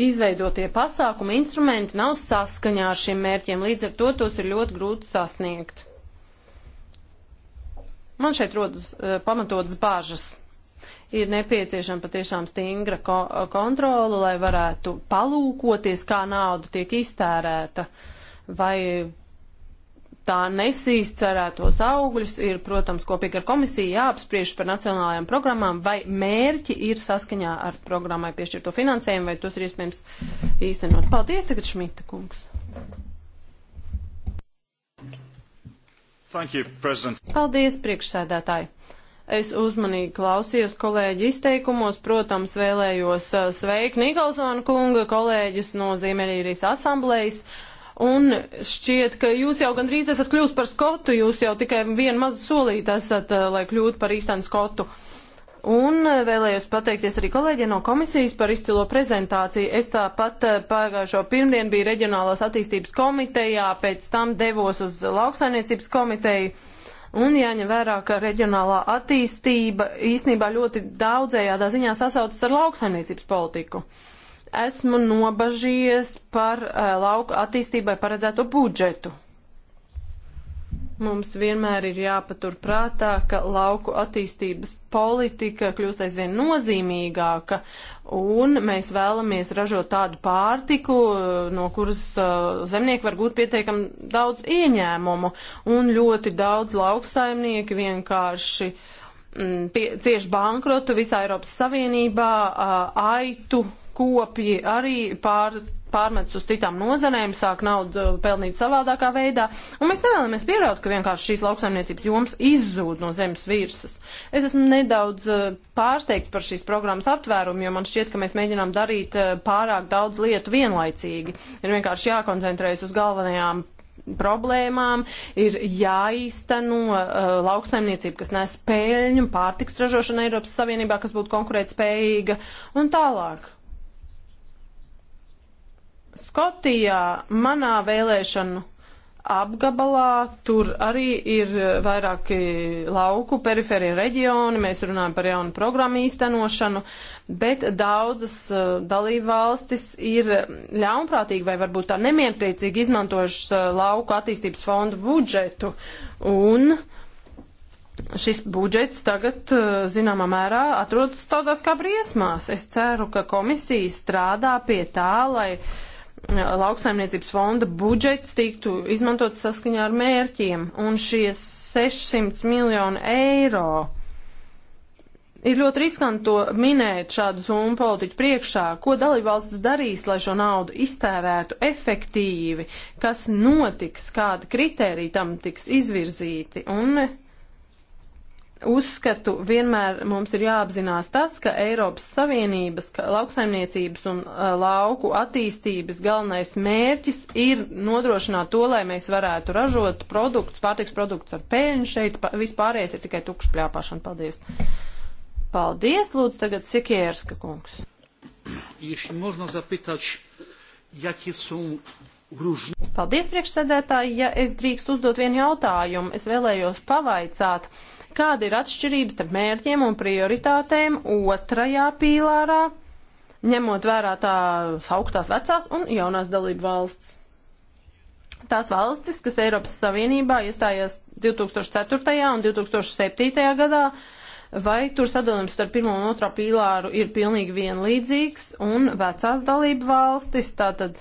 izveidotie pasākumi, instrumenti nav saskaņā ar šiem mērķiem, līdz ar to tos ir ļoti grūti sasniegt. Man šeit rodas uh, pamatotas bāžas. Ir nepieciešama patiešām stingra ko eh, kontrola, lai varētu palūkoties, kā nauda tiek iztērēta, vai tā nesīs cerētos augļus, ir, protams, kopīgi ar komisiju jāapspriež par nacionālajām programmām, vai mērķi ir saskaņā ar programmai piešķirto finansējumu, vai tos ir iespējams īstenot. Paldies, tagad Šmita kungs. You, Paldies, priekšsēdētāji! Es uzmanīgi klausījos kolēģi izteikumos, protams, vēlējos uh, sveikt Nikolsonu kunga kolēģis no Ziemeļīrijas asamblējas. Un šķiet, ka jūs jau gandrīz esat kļūst par skotu, jūs jau tikai vienu mazu solīti esat, uh, lai kļūtu par īstenu skotu. Uh, Un e, vēlējos pateikties arī kolēģiem no komisijas par izcilo prezentāciju. Es tāpat e, pagājušo pirmdienu biju reģionālās attīstības komitejā, pēc tam devos uz lauksainiecības komiteju. Un jāņem vērā, ka reģionālā attīstība īsnībā ļoti daudzējādā ziņā sasaucas ar lauksainiecības politiku. Esmu nobažījies par uh, e, lauku attīstībai paredzēto budžetu. Mums vienmēr ir jāpatur prātā, ka lauku attīstības politika kļūst aizvien nozīmīgāka, un mēs vēlamies ražot tādu pārtiku, no kuras uh, zemnieki var gūt pietiekami daudz ieņēmumu, un ļoti daudz lauksaimnieki vienkārši mm, pie, cieši bankrotu visā Eiropas Savienībā, uh, aitu kopji arī pārtika pārmetas uz citām nozarēm, sāk naudu uh, pelnīt savādākā veidā, un mēs nevēlamies pieļaut, ka vienkārši šīs lauksaimniecības joms izzūd no zemes virsas. Es esmu nedaudz uh, pārsteigts par šīs programmas aptvērumu, jo man šķiet, ka mēs mēģinām darīt uh, pārāk daudz lietu vienlaicīgi. Ir vienkārši jākoncentrējas uz galvenajām problēmām, ir jāīsteno uh, lauksaimniecība, kas nes pēļņu, pārtiks ražošana Eiropas Savienībā, kas būtu konkurētspējīga un tālāk. Skotijā, manā vēlēšanu apgabalā, tur arī ir vairāki lauku periferija reģioni, mēs runājam par jaunu programmu īstenošanu, bet daudzas eh, dalībvalstis ir ļaunprātīgi vai varbūt tā nemierpriecīgi izmantojušas eh, lauku attīstības fondu budžetu. Un šis budžets tagad, eh, zināmā mērā, atrodas tādās kā briesmās. Es ceru, ka komisija strādā pie tā, lai lauksaimniecības fonda budžets tiktu izmantots saskaņā ar mērķiem, un šie 600 miljoni eiro ir ļoti riskanti to minēt šādu summu politiķu priekšā, ko dalībvalstis darīs, lai šo naudu iztērētu efektīvi, kas notiks, kādi kriteriji tam tiks izvirzīti, un uzskatu, vienmēr mums ir jāapzinās tas, ka Eiropas Savienības ka lauksaimniecības un uh, lauku attīstības galvenais mērķis ir nodrošināt to, lai mēs varētu ražot produktus, pārtiks produktus ar pēļņu šeit, pa, vispārējais ir tikai tukšs pļāpāšana. Paldies! Paldies, lūdzu, tagad Sikierska kungs. Jeśli można zapytać, jakie są różnice? Paldies, priekšsēdētāji, ja es drīkst uzdot vienu jautājumu, es vēlējos pavaicāt. Uh, kāda ir atšķirības starp mērķiem un prioritātēm otrajā pīlārā, ņemot vērā tā sauktās vecās un jaunās dalību valsts? Tās valstis, kas Eiropas Savienībā iestājās 2004. un 2007. gadā, vai tur sadalījums starp pirmo un otro pīlāru ir pilnīgi vienlīdzīgs, un vecās dalību valstis, tātad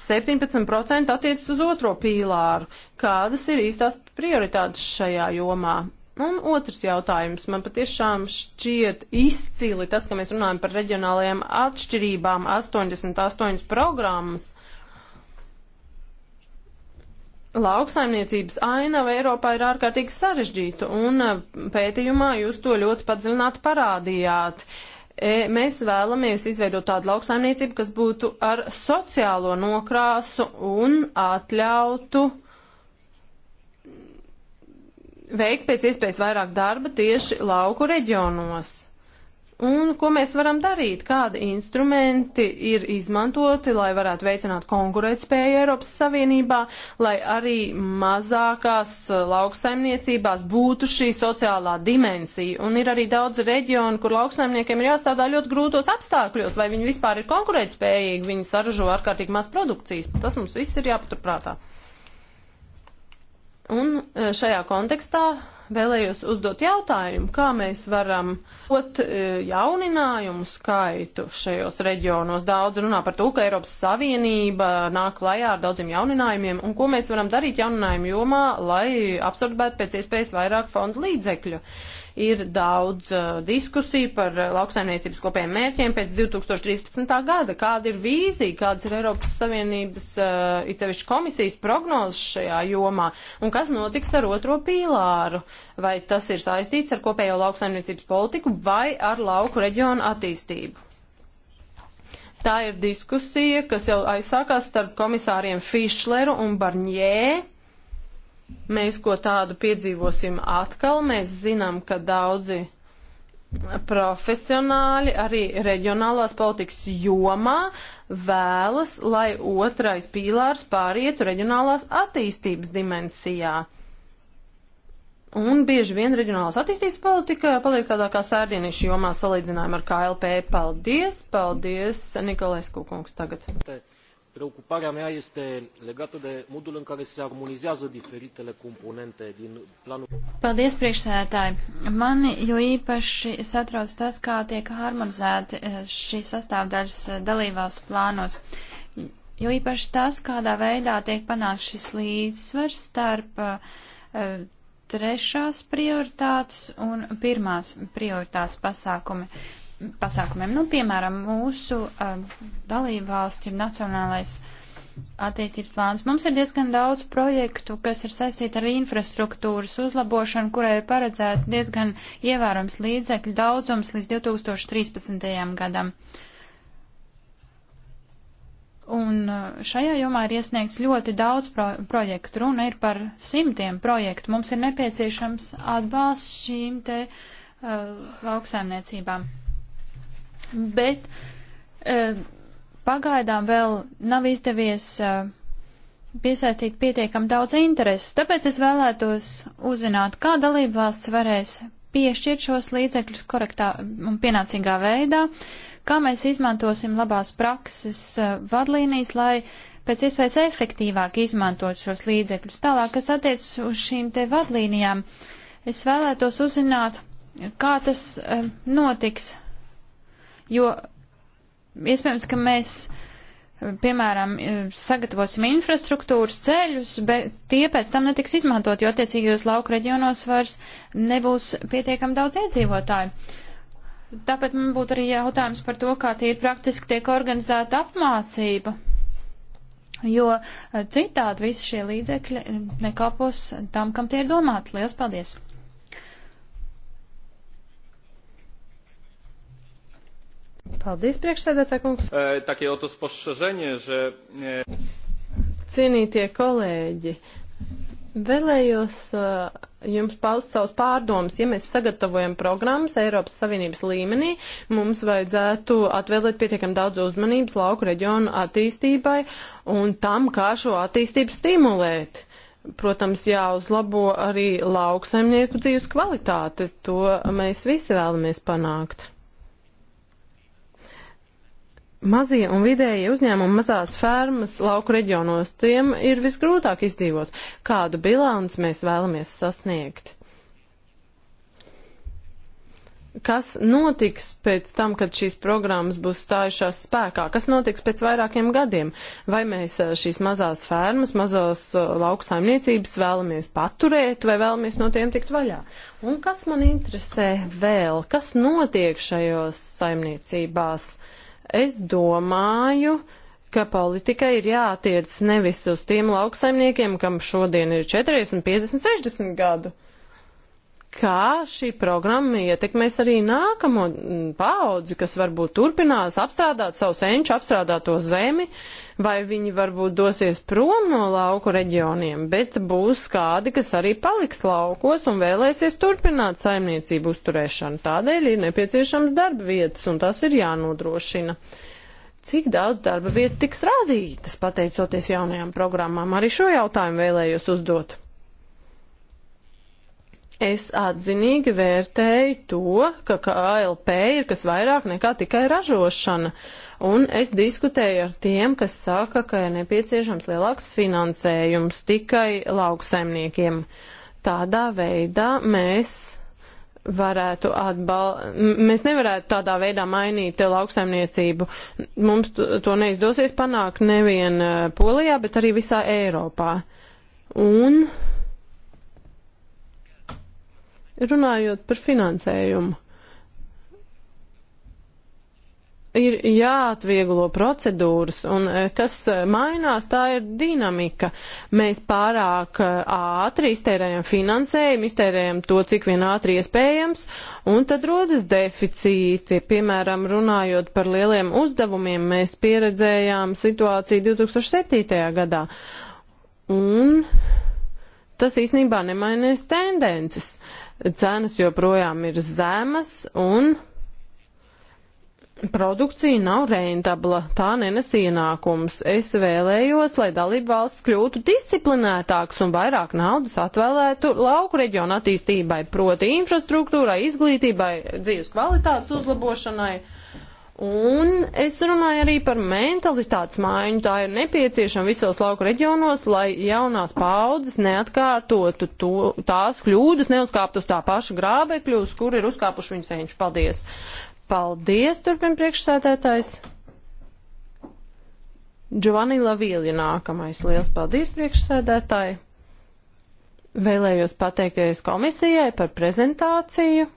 17% attiecas uz otro pīlāru. Kādas ir īstās prioritātes šajā jomā? Un otrs jautājums. Man patiešām šķiet izcili tas, ka mēs runājam par reģionālajām atšķirībām 88 programmas. Lauksaimniecības ainava Eiropā ir ārkārtīgi sarežģīta, un uh, pētījumā jūs to ļoti padziļināti parādījāt. Uh, E, mēs vēlamies izveidot tādu lauksaimniecību, kas būtu ar sociālo nokrāsu un atļautu veikt pēc iespējas vairāk darba tieši lauku reģionos. Un ko mēs varam darīt? Kādi instrumenti ir izmantoti, lai varētu veicināt konkurētspēju Eiropas Savienībā, lai arī mazākās eh, lauksaimniecībās būtu šī sociālā dimensija? Un ir arī daudz reģionu, kur lauksaimniekiem ir jāstrādā ļoti grūtos apstākļos, vai viņi vispār ir konkurētspējīgi, viņi saražo ārkārtīgi maz produkcijas. Tas mums viss ir jāpaturprātā. Un eh, šajā kontekstā vēlējos uzdot jautājumu, kā mēs varam dot e, jauninājumu skaitu šajos reģionos. Daudz runā par to, ka Eiropas Savienība nāk klajā ar daudziem jauninājumiem, un ko mēs varam darīt jauninājumu jomā, lai absorbētu pēc iespējas vairāk fondu līdzekļu ir daudz uh, diskusiju par uh, lauksaimniecības kopējiem mērķiem pēc 2013. gada. Kāda ir vīzija, kādas ir Eiropas Savienības uh, itsevišķi komisijas prognozes šajā jomā un kas notiks ar otro pīlāru? Vai tas ir saistīts ar kopējo lauksaimniecības politiku vai ar lauku reģionu attīstību? Tā ir diskusija, kas jau aizsākās starp komisāriem Fišleru un Barņē mēs ko tādu piedzīvosim atkal. Mēs zinām, ka daudzi profesionāļi arī reģionālās politikas jomā vēlas, lai otrais pīlārs pārietu reģionālās attīstības dimensijā. Un bieži vien reģionālās attīstības politika paliek tādā kā sērdieniša jomā salīdzinājumā ar KLP. Paldies, paldies, Nikolais Kukungs tagad. Tad. Preocuparea mea este legată de modul în care se armonizează diferitele componente din planul. Paldies, priekšsēdētāji. Mani jo īpaši satrauc tas, kā tiek harmonizēti eh, šīs sastāvdaļas eh, dalībvalstu plānos. Jo īpaši tas, kādā veidā tiek panākt šis līdzsvars starp eh, trešās prioritātes un pirmās prioritātes pasākumi pasākumiem. Nu, piemēram, mūsu uh, dalībvalstu nacionālais attīstības plāns. Mums ir diezgan daudz projektu, kas ir saistīti ar infrastruktūras uzlabošanu, kurai ir paredzēts diezgan ievērums līdzekļu daudzums līdz 2013. gadam. Un uh, šajā jomā ir iesniegts ļoti daudz pro projektu. Runa ir par simtiem projektu. Mums ir nepieciešams atbalsts šīm te uh, lauksaimniecībām bet e, pagaidām vēl nav izdevies e, piesaistīt pietiekam daudz intereses. Tāpēc es vēlētos uzzināt, kā dalība valsts varēs piešķirt šos līdzekļus korektā un pienācīgā veidā, kā mēs izmantosim labās prakses e, vadlīnijas, lai pēc iespējas efektīvāk izmantot šos līdzekļus. Tālāk, kas attiecas uz šīm te vadlīnijām, es vēlētos uzzināt, kā tas notiks jo iespējams, ka mēs, piemēram, sagatavosim infrastruktūras ceļus, bet tie pēc tam netiks izmantot, jo attiecīgajos lauku reģionos vairs nebūs pietiekam daudz iedzīvotāju. Tāpēc man būtu arī jautājums par to, kā tie ir praktiski tiek organizēta apmācība, jo citādi visi šie līdzekļi nekalpos tam, kam tie ir domāti. Lielas paldies! Paldies, priekšsēdētāj kungs. Tā e, jau tas pašsaženie, že... E, Cienītie kolēģi, Vēlējos uh, jums paust savus pārdomus. Ja mēs sagatavojam programmas Eiropas Savienības līmenī, mums vajadzētu atvēlēt pietiekam daudz uzmanības lauku reģionu attīstībai un tam, kā šo attīstību stimulēt. Protams, jāuzlabo arī lauksaimnieku dzīves kvalitāte. To mēs visi vēlamies panākt mazie un vidējie uzņēmumi, mazās fermas lauku reģionos, tiem ir visgrūtāk izdzīvot. Kādu bilanci mēs vēlamies sasniegt? Kas notiks pēc tam, kad šīs programmas būs stājušās spēkā? Kas notiks pēc vairākiem gadiem? Vai mēs eh, šīs mazās fermas, mazās eh, lauksaimniecības vēlamies paturēt vai vēlamies no tiem tikt vaļā? Un kas man interesē vēl? Kas notiek šajos saimniecībās? Uh, Es domāju, ka politikai ir jātiec nevis uz tiem lauksaimniekiem, kam šodien ir 40, 50, 60 gadu. Uh, kā šī programma ietekmēs arī nākamo mm, paudzi, kas varbūt turpinās apstrādāt savu senču apstrādāto zemi, vai viņi varbūt dosies prom no lauku reģioniem, bet būs kādi, kas arī paliks laukos un vēlēsies turpināt saimniecību uzturēšanu. Tādēļ ir nepieciešams darba vietas, un tas ir jānodrošina. Cik daudz darba vietu tiks rādītas, pateicoties jaunajām programmām, arī šo jautājumu vēlējos uzdot. Es atzinīgi vērtēju to, ka KLP ir kas vairāk nekā tikai ražošana, un es diskutēju ar tiem, kas saka, ka ir nepieciešams lielāks finansējums tikai lauksaimniekiem. Tādā veidā mēs varētu atbal... Mēs nevarētu tādā veidā mainīt lauksaimniecību. Mums to neizdosies panākt nevien eh, Polijā, bet arī visā Eiropā. Un Runājot par finansējumu, ir jāatvieglo procedūras, un e, kas e, mainās, tā ir dinamika. Mēs pārāk e, ātri iztērējam finansējumu, iztērējam to, cik vien ātri iespējams, un tad rodas deficīti. Piemēram, runājot par lieliem uzdevumiem, mēs pieredzējām situāciju 2007. gadā. Un tas īstenībā nemainēs tendences. Uh, cenas joprojām ir zemas un produkcija nav rentabla, tā nenes ienākums. Es vēlējos, lai dalība valsts kļūtu disciplinētāks un vairāk naudas atvēlētu lauku reģionu attīstībai, proti infrastruktūrai, izglītībai, dzīves kvalitātes uzlabošanai Un es runāju arī par mentalitātes maiņu. Tā ir nepieciešama visos lauku reģionos, lai jaunās paudzes neatkārtotu to, tās kļūdas, neuzkāptu uz tā paša grābekļa, uz kur ir uzkāpuši viņu senči. Paldies! Paldies, turpin priekšsēdētājs! Giovanni Lavīļa nākamais. Liels paldies priekšsēdētāji! Vēlējos pateikties komisijai par prezentāciju.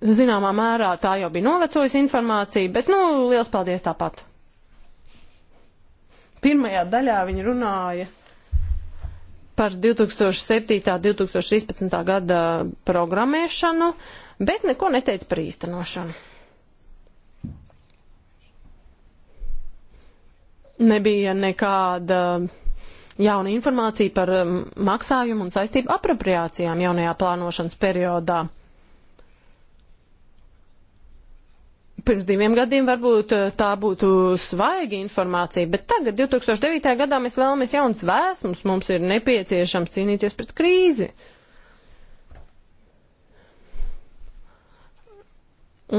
zināmā mērā tā jau bija novecojusi informācija, bet, nu, liels paldies tāpat. Pirmajā daļā viņi runāja par 2007. 2013. gada programmēšanu, bet neko neteica par īstenošanu. Nebija nekāda jauna informācija par um, maksājumu un saistību apropriācijām jaunajā plānošanas periodā. pirms diviem gadiem varbūt eh, tā būtu svaiga informācija, bet tagad, 2009. gadā, mēs vēlamies jaunas vēsmas, mums ir nepieciešams cīnīties pret krīzi.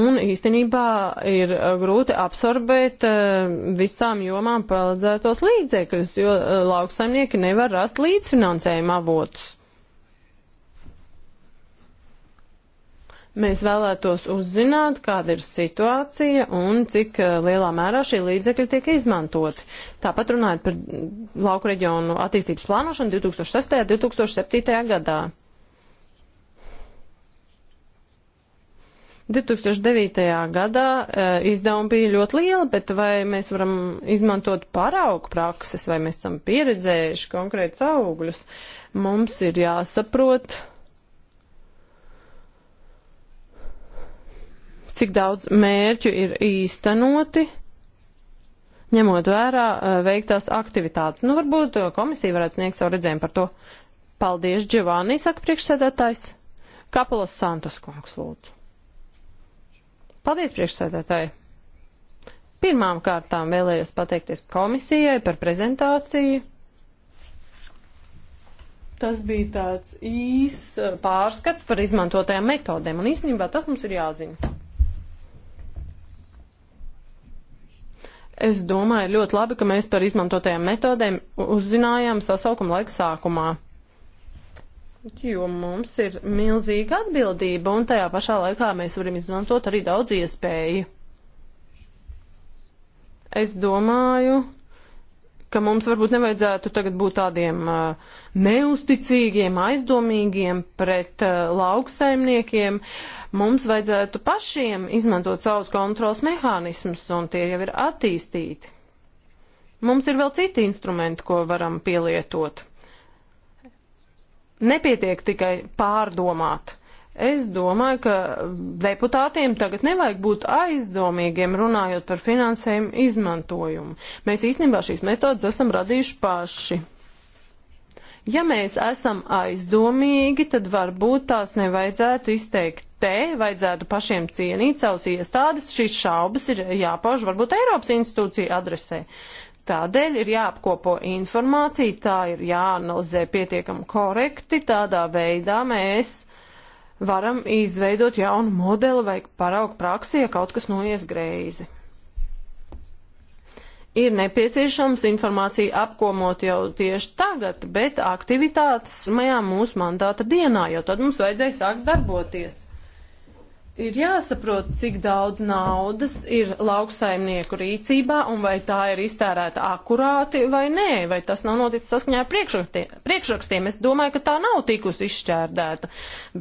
Un īstenībā ir eh, grūti absorbēt eh, visām jomām paredzētos līdzekļus, jo lauksaimnieki nevar rast līdzfinansējuma avotus. Mēs vēlētos uzzināt, kāda ir situācija un cik eh, lielā mērā šie līdzekļi tiek izmantoti. Tāpat runājot par lauku reģionu attīstības plānošanu 2006. un 2007. gadā. 2009. gadā eh, izdevumi bija ļoti lieli, bet vai mēs varam izmantot paraugu prakses, vai mēs esam pieredzējuši konkrētus augļus, mums ir jāsaprot, cik daudz mērķu ir īstenoti, ņemot vērā eh, veiktās aktivitātes. Nu, varbūt eh, komisija varētu sniegt savu redzējumu par to. Paldies, Dživānī, saka priekšsēdētājs. Kapelos Santos kungs lūdzu. Paldies, priekšsēdētāji. Pirmām kārtām vēlējos pateikties komisijai par prezentāciju. Tas bija tāds īss eh, pārskats par izmantotajām metodēm, un īstenībā tas mums ir jāzina. Es domāju, ļoti labi, ka mēs par izmantotajām metodēm uzzinājām sasaukuma laika sākumā. Jo mums ir milzīga atbildība, un tajā pašā laikā mēs varam izmantot arī daudz iespēju. Es domāju, ka mums varbūt nevajadzētu tagad būt tādiem uh, neusticīgiem, aizdomīgiem pret uh, lauksaimniekiem. Mums vajadzētu pašiem izmantot savus kontrols mehānismus, un tie jau ir attīstīti. Mums ir vēl citi instrumenti, ko varam pielietot. Nepietiek tikai pārdomāt. Es domāju, ka deputātiem tagad nevajag būt aizdomīgiem runājot par finansējumu izmantojumu. Mēs īstenībā šīs metodas esam radījuši paši. Ja mēs esam aizdomīgi, tad varbūt tās nevajadzētu izteikt te, vajadzētu pašiem cienīt savus iestādes. Šīs šaubas ir jāpauž varbūt Eiropas institūcija adresē. Tādēļ ir jāapkopo informācija, tā ir jāanalizē pietiekami korekti, tādā veidā mēs varam izveidot jaunu modeli vai paraugu praksi, ja kaut kas noies greizi ir nepieciešams informāciju apkomot jau tieši tagad, bet aktivitātes majā mūsu mandāta dienā, jo tad mums vajadzēja sākt darboties ir jāsaprot, cik daudz naudas ir lauksaimnieku rīcībā un vai tā ir iztērēta akurāti vai nē, vai tas nav noticis saskaņā ar priekšrakstiem. Es domāju, ka tā nav tikusi izšķērdēta,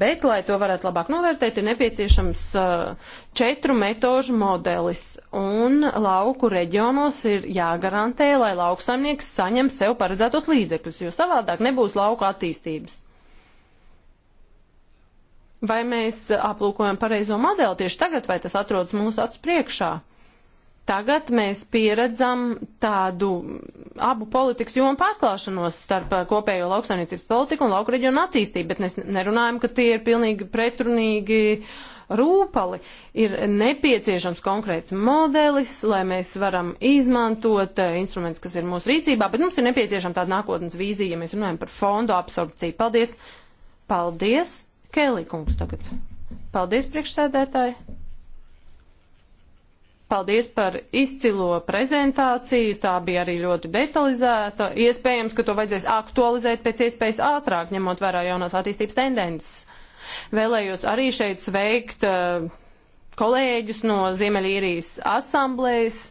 bet, lai to varētu labāk novērtēt, ir nepieciešams uh, četru metožu modelis un lauku reģionos ir jāgarantē, lai lauksaimnieks saņem sev paredzētos līdzekļus, jo savādāk nebūs lauku attīstības. Vai mēs aplūkojam pareizo modeli tieši tagad, vai tas atrodas mūsu acu priekšā? Tagad mēs pieredzam tādu abu politikas jomu pārklāšanos starp uh, kopējo lauksaimniecības politiku un lauku reģionu attīstību, bet mēs nerunājam, ka tie ir pilnīgi pretrunīgi rūpali. Ir nepieciešams konkrēts modelis, lai mēs varam izmantot uh, instruments, kas ir mūsu rīcībā, bet mums ir nepieciešama tāda nākotnes vīzija, ja mēs runājam par fondu absorpciju. Paldies! Paldies! Kēlī kungs tagad. Paldies, priekšsēdētāji! Paldies par izcilo prezentāciju, tā bija arī ļoti detalizēta. Iespējams, ka to vajadzēs aktualizēt pēc iespējas ātrāk, ņemot vērā jaunās attīstības tendences. Vēlējos arī šeit sveikt uh, kolēģus no Ziemeļīrijas asamblējas.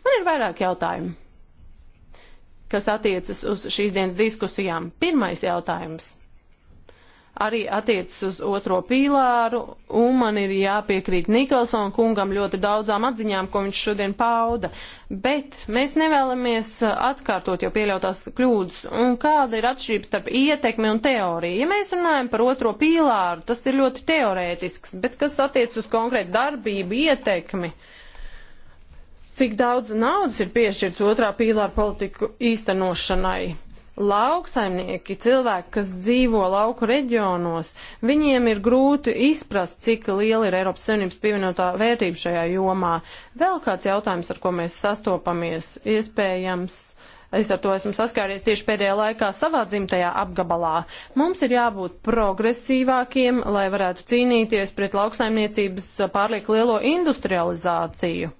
Man ir vairāk jautājumu kas attiecas uz šīs dienas diskusijām. Pirmais jautājums arī attiecas uz otro pīlāru, un man ir jāpiekrīt Nikolsona kungam ļoti daudzām atziņām, ko viņš šodien pauda. Bet mēs nevēlamies atkārtot jau pieļautās kļūdas, un kāda ir atšķirība starp ietekmi un teoriju. Ja mēs runājam par otro pīlāru, tas ir ļoti teorētisks, bet kas attiecas uz konkrētu darbību, ietekmi, uh, cik daudz naudas ir piešķirts otrā pīlāra politiku īstenošanai. Lauksaimnieki, cilvēki, kas dzīvo lauku reģionos, viņiem ir grūti izprast, cik liela ir Eiropas Savienības pievienotā vērtība šajā jomā. Vēl kāds jautājums, ar ko mēs sastopamies, iespējams, es ar to esmu saskāries tieši pēdējā laikā savā dzimtajā apgabalā. Mums ir jābūt progresīvākiem, lai varētu cīnīties pret lauksaimniecības pārlieku lielo industrializāciju.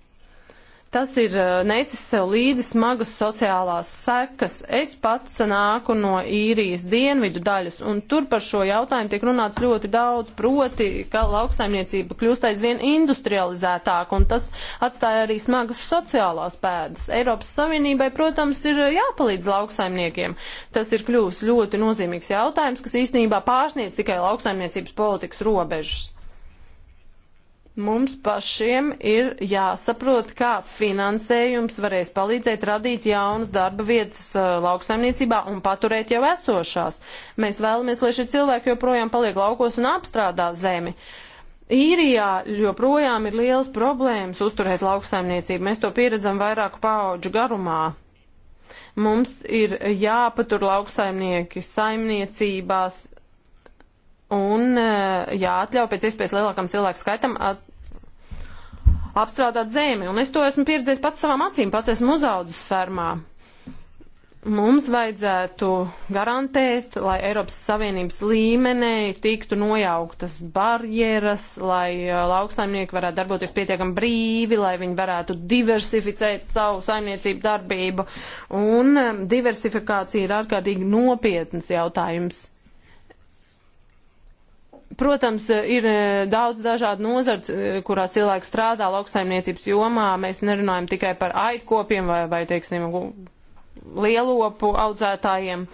Tas ir uh, nesis sev līdzi smagas sociālās sekas. Es pats nāku no īrijas dienvidu daļas, un tur par šo jautājumu tiek runāts ļoti daudz, proti, ka lauksaimniecība kļūst aizvien industrializētāka, un tas atstāja arī smagas sociālās pēdas. Eiropas Savienībai, protams, ir uh, jāpalīdz lauksaimniekiem. Tas ir kļuvis ļoti nozīmīgs jautājums, kas īstenībā pārsniedz tikai lauksaimniecības politikas robežas mums pašiem ir jāsaprot, kā finansējums varēs palīdzēt radīt jaunas darba vietas uh, lauksaimniecībā un paturēt jau esošās. Mēs vēlamies, lai šie cilvēki joprojām paliek laukos un apstrādā zemi. Īrijā joprojām ir liels problēmas uzturēt lauksaimniecību. Mēs to pieredzam vairāku paauģu garumā. Mums ir jāpatur lauksaimnieki saimniecībās, un eh, jāatļauj pēc iespējas lielākam cilvēku skaitam apstrādāt zemi. Un es to esmu pieredzējis pats savām acīm, pats esmu uzaudzis fermā. Mums vajadzētu garantēt, lai Eiropas Savienības līmenī tiktu nojauktas barjeras, lai eh, lauksaimnieki varētu darboties pietiekami brīvi, lai viņi varētu diversificēt savu saimniecību darbību. Un eh, diversifikācija ir ārkārtīgi nopietnas jautājums Protams, ir e, daudz dažādu nozaru, kurā cilvēki strādā lauksaimniecības jomā. Mēs nerunājam tikai par aitkopiem vai, vai teiksim, lielopu audzētājiem.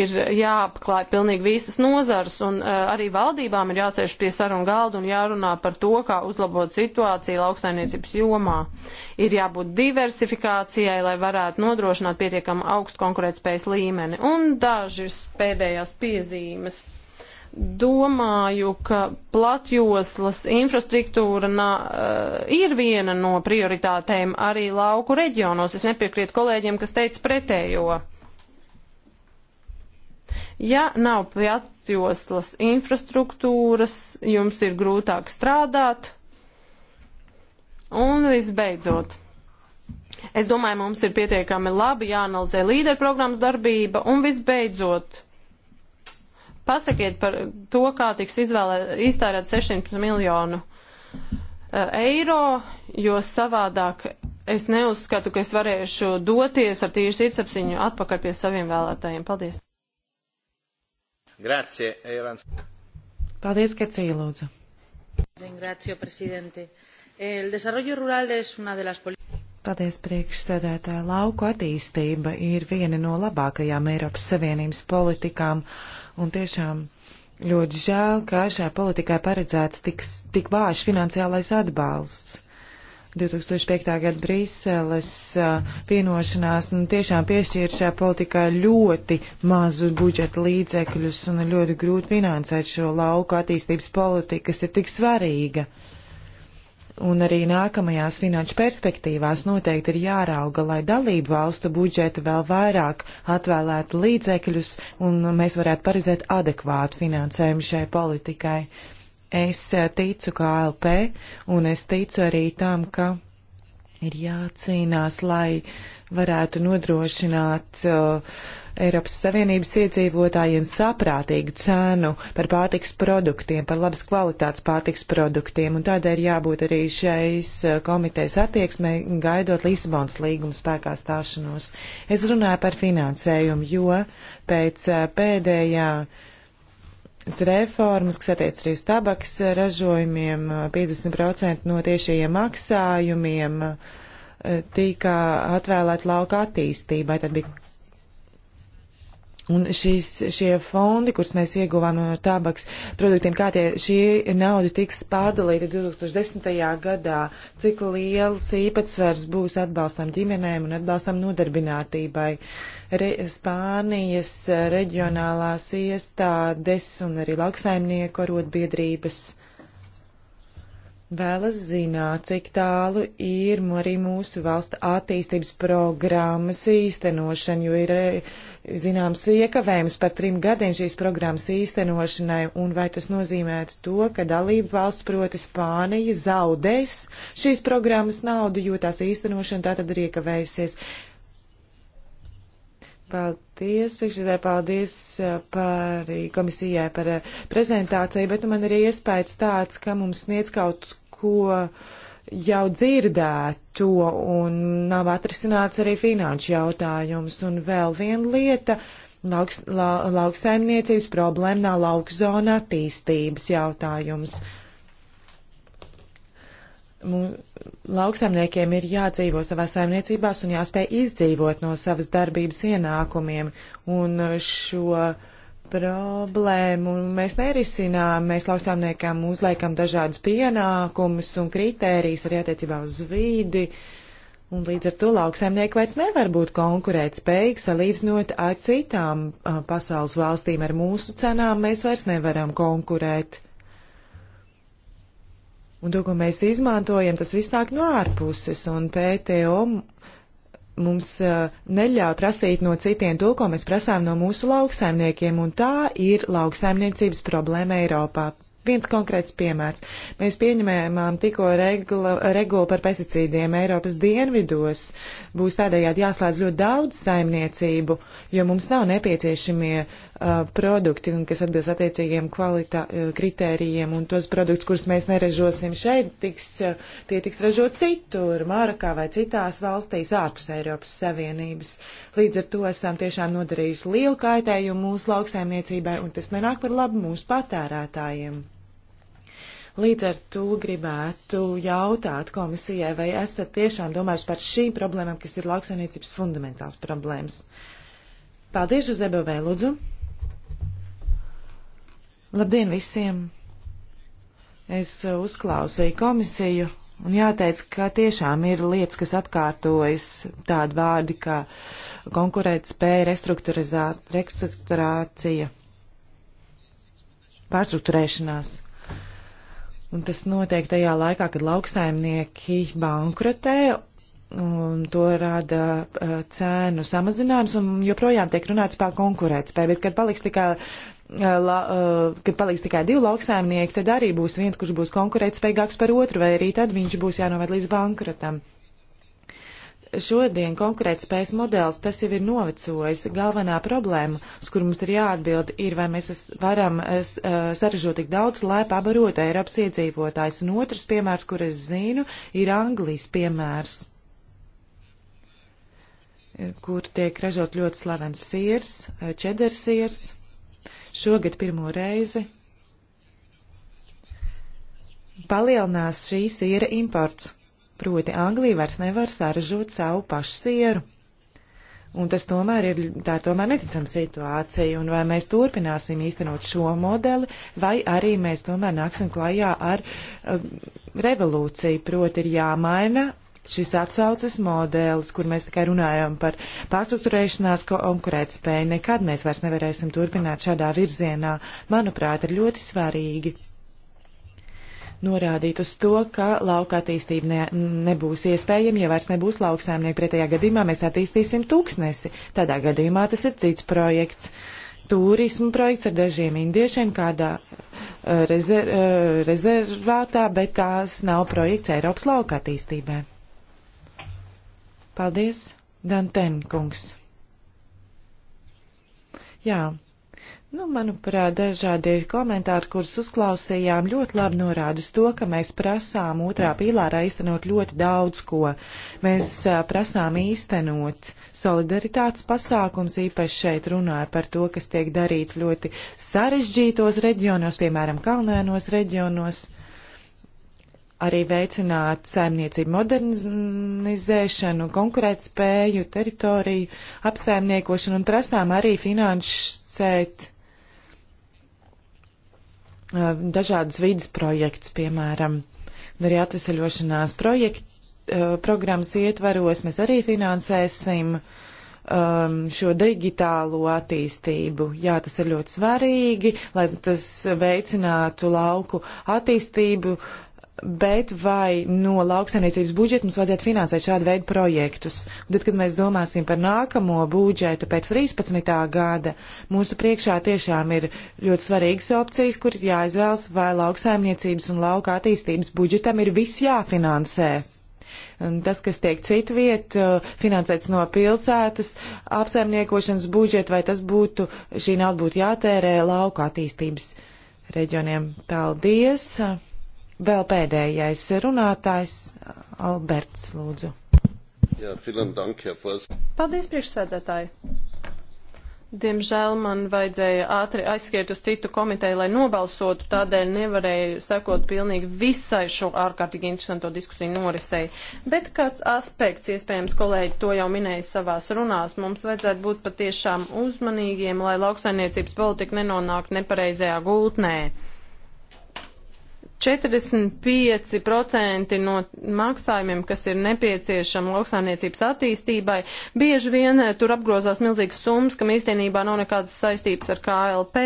Ir jāapklāj pilnīgi visas nozars, un e, arī valdībām ir jāsēž pie sarunu galda un jārunā par to, kā uzlabot situāciju lauksaimniecības jomā. Ir jābūt diversifikācijai, lai varētu nodrošināt pietiekam augstu konkurētspējas līmeni. Un dažas pēdējās piezīmes domāju, ka platjoslas infrastruktūra nā, eh, ir viena no prioritātēm arī lauku reģionos. Es nepiekrītu kolēģiem, kas teica pretējo. Ja nav platjoslas infrastruktūras, jums ir grūtāk strādāt. Un visbeidzot. Es domāju, mums ir pietiekami labi jāanalizē līderprogrammas darbība un visbeidzot Pasakiet par to, kā tiks izvēlē, iztērēt 600 miljonu eh, eiro, jo savādāk es neuzskatu, ka es varēšu doties ar tīru sirdsapziņu atpakaļ pie saviem vēlētājiem. Paldies! Grazie, Evans. Paldies, Kecīja, lūdzu. Grazie, prezidente. El desarrollo rural es una de las políticas. Paldies, priekšsēdētāji. Lauku attīstība ir viena no labākajām Eiropas Savienības politikām, un tiešām ļoti žēl, ka šai politikai paredzēts tik, tik vājš finansiālais atbalsts. 2005. gada Brīseles vienošanās nu, tiešām piešķīra šai politikai ļoti mazu budžeta līdzekļus un ļoti grūti finansēt šo lauku attīstības politiku, kas ir tik svarīga. Un arī nākamajās finanšu perspektīvās noteikti ir jārauga, lai dalību valstu budžeti vēl vairāk atvēlētu līdzekļus un mēs varētu paredzēt adekvātu finansējumu šai politikai. Es ticu kā LP un es ticu arī tam, ka ir jācīnās, lai varētu nodrošināt uh, Eiropas Savienības iedzīvotājiem saprātīgu cenu par pārtiks produktiem, par labas kvalitātes pārtiks produktiem, un tādēļ jābūt arī šais eh, komitejas attieksmē, gaidot Lisabonas līguma spēkā stāšanos. Es runāju par finansējumu, jo pēc eh, pēdējā reformas, kas attiec arī uz tabaks ražojumiem, 50% eh, no tiešajiem maksājumiem tika atvēlēti lauka attīstībai. Tad bija Un šīs, šie fondi, kurus mēs ieguvām no tabaks produktiem, kā tie šī nauda tiks pārdalīta 2010. gadā, cik liels īpatsvars būs atbalstam ģimenēm un atbalstam nodarbinātībai. Re, Spānijas reģionālās iestādes un arī lauksaimnieku arotbiedrības vēlas zināt, cik tālu ir arī mūsu valsts attīstības programmas īstenošana, jo ir eh, zināms iekavējums par trim gadiem šīs programmas īstenošanai, un vai tas nozīmētu to, ka dalība valsts proti Spānija zaudēs šīs programmas naudu, jo tās īstenošana tā tad ir iekavējusies. Paldies, priekšsēdē, paldies eh, par eh, komisijai par prezentāciju, bet nu, man ir iespējas tāds, ka mums sniedz kaut ko jau dzirdēto un nav atrisināts arī finanšu jautājums. Un vēl viena lieta lauks, la, - lauksaimniecības problēma nav laukzona attīstības jautājums. Lauksaimniekiem ir jādzīvo savā saimniecībās un jāspēj izdzīvot no savas darbības ienākumiem. Un šo uh, problēmu mēs nerisinām. Mēs lauksaimniekam uzliekam dažādus pienākumus un kritērijas arī attiecībā uz vīdi. Un līdz ar to lauksaimnieki vairs nevar būt konkurēt spējīgi salīdzinot ar citām pasaules valstīm. Ar mūsu cenām mēs vairs nevaram konkurēt. Un to, ko mēs izmantojam, tas viss nāk no ārpuses, un PTO mums uh, neļauj prasīt no citiem to, ko mēs prasām no mūsu lauksaimniekiem, un tā ir lauksaimniecības problēma Eiropā. Viens konkrēts piemērs. Mēs pieņemējām tikko regla, regulu par pesticīdiem Eiropas dienvidos. Būs tādējādi jāslēdz ļoti daudz saimniecību, jo mums nav nepieciešamie uh, Uh, produkti un kas atbilst attiecīgiem kvalitā, uh, kritērijiem un tos produktus, kurus mēs neražosim šeit, tiks, uh, tie tiks ražot citur, Marokā vai citās valstīs ārpus Eiropas Savienības. Līdz ar to esam tiešām nodarījuši lielu kaitējumu mūsu lauksaimniecībai un tas nenāk par labu mūsu patērētājiem. Līdz ar to gribētu jautāt komisijai, vai esat tiešām domājuši par šīm problēmām, kas ir lauksainiecības fundamentāls problēmas. Paldies, Uzebevē, lūdzu! Labdien visiem! Es eh, uzklausīju komisiju un jāteic, ka tiešām ir lietas, kas atkārtojas tādi vārdi kā konkurētspēja, restruktūrācija, pārstruktūrēšanās. Un tas notiek tajā laikā, kad lauksaimnieki bankrotē un to rada uh, cēnu samazinājums, un joprojām tiek runāts par konkurētspēju, bet kad paliks tikai la, eh, kad paliks tikai divi lauksaimnieki, tad arī būs viens, kurš būs konkurētspējīgāks par otru, vai arī tad viņš būs jānovērt līdz bankrotam. Šodien konkurētspējas modelis tas jau ir novecojis. Galvenā problēma, uz kuru mums ir jāatbild, ir, vai mēs varam eh, saražot tik daudz, lai pabarotu Eiropas iedzīvotājs. Un otrs piemērs, kur es zinu, ir Anglijas piemērs, eh, kur tiek ražot ļoti slavens sirs, čedersirs. sirs Šogad pirmo reizi palielinās šī siera imports, proti Anglija vairs nevar saražot savu pašu sieru. Un tas tomēr ir, tā ir tomēr neticama situācija, un vai mēs turpināsim īstenot šo modeli, vai arī mēs tomēr nāksim klajā ar uh, revolūciju, proti ir jāmaina šis atsauces modelis, kur mēs tikai runājam par pārstruktūrēšanās konkurētspēju, nekad mēs vairs nevarēsim turpināt šādā virzienā, manuprāt, ir ļoti svarīgi norādīt uz to, ka lauka attīstība ne, nebūs iespējama, ja vairs nebūs lauksēmnieki. Pretējā gadījumā mēs attīstīsim tūkstnesi. Tādā gadījumā tas ir cits projekts. Turismu projekts ar dažiem indiešiem kādā eh, rezer, eh, rezervātā, bet tās nav projekts Eiropas lauka attīstībai. Paldies, Danten kungs. Jā, Nu, manuprāt, dažādi komentāri, kurus uzklausījām, ļoti labi norāda to, ka mēs prasām otrā pīlārā īstenot ļoti daudz ko. Mēs uh, prasām īstenot solidaritātes pasākums, īpaši šeit runāja par to, kas tiek darīts ļoti sarežģītos reģionos, piemēram, kalnēnos reģionos. Uh, arī veicināt saimniecību modernizēšanu, konkurētspēju, teritoriju apsaimniekošanu un prasām arī finansēt uh, dažādus vidas projektus, piemēram, un arī atvesaļošanās projektu, uh, programmas ietvaros mēs arī finansēsim um, šo digitālo attīstību. Jā, tas ir ļoti svarīgi, lai tas veicinātu lauku attīstību, uh, bet vai no lauksaimniecības budžeta mums vajadzētu finansēt šādu veidu projektus. Un tad, kad mēs domāsim par nākamo budžetu pēc 13. gada, mūsu priekšā tiešām ir ļoti svarīgas opcijas, kur ir jāizvēlas, vai lauksaimniecības un lauka attīstības budžetam ir viss jāfinansē. Un tas, kas tiek citviet, uh, finansēts no pilsētas apsaimniekošanas budžeta, vai tas būtu, šī nauda būtu jātērē lauka attīstības reģioniem. Paldies! vēl pēdējais runātājs Alberts Lūdzu. Jā, dank, Paldies, priekšsēdētāji! Diemžēl man vajadzēja ātri aizskriet uz citu komiteju, lai nobalsotu, tādēļ nevarēju sekot pilnīgi visai šo ārkārtīgi interesanto diskusiju norisei. Bet kāds aspekts, iespējams, kolēģi to jau minēja savās runās, mums vajadzētu būt patiešām uzmanīgiem, lai lauksainiecības politika nenonāk nepareizajā gultnē. 45% no maksājumiem, kas ir nepieciešami lauksaimniecības attīstībai, bieži vien eh, tur apgrozās milzīgas summas, kam īstenībā nav nekādas saistības ar KLP.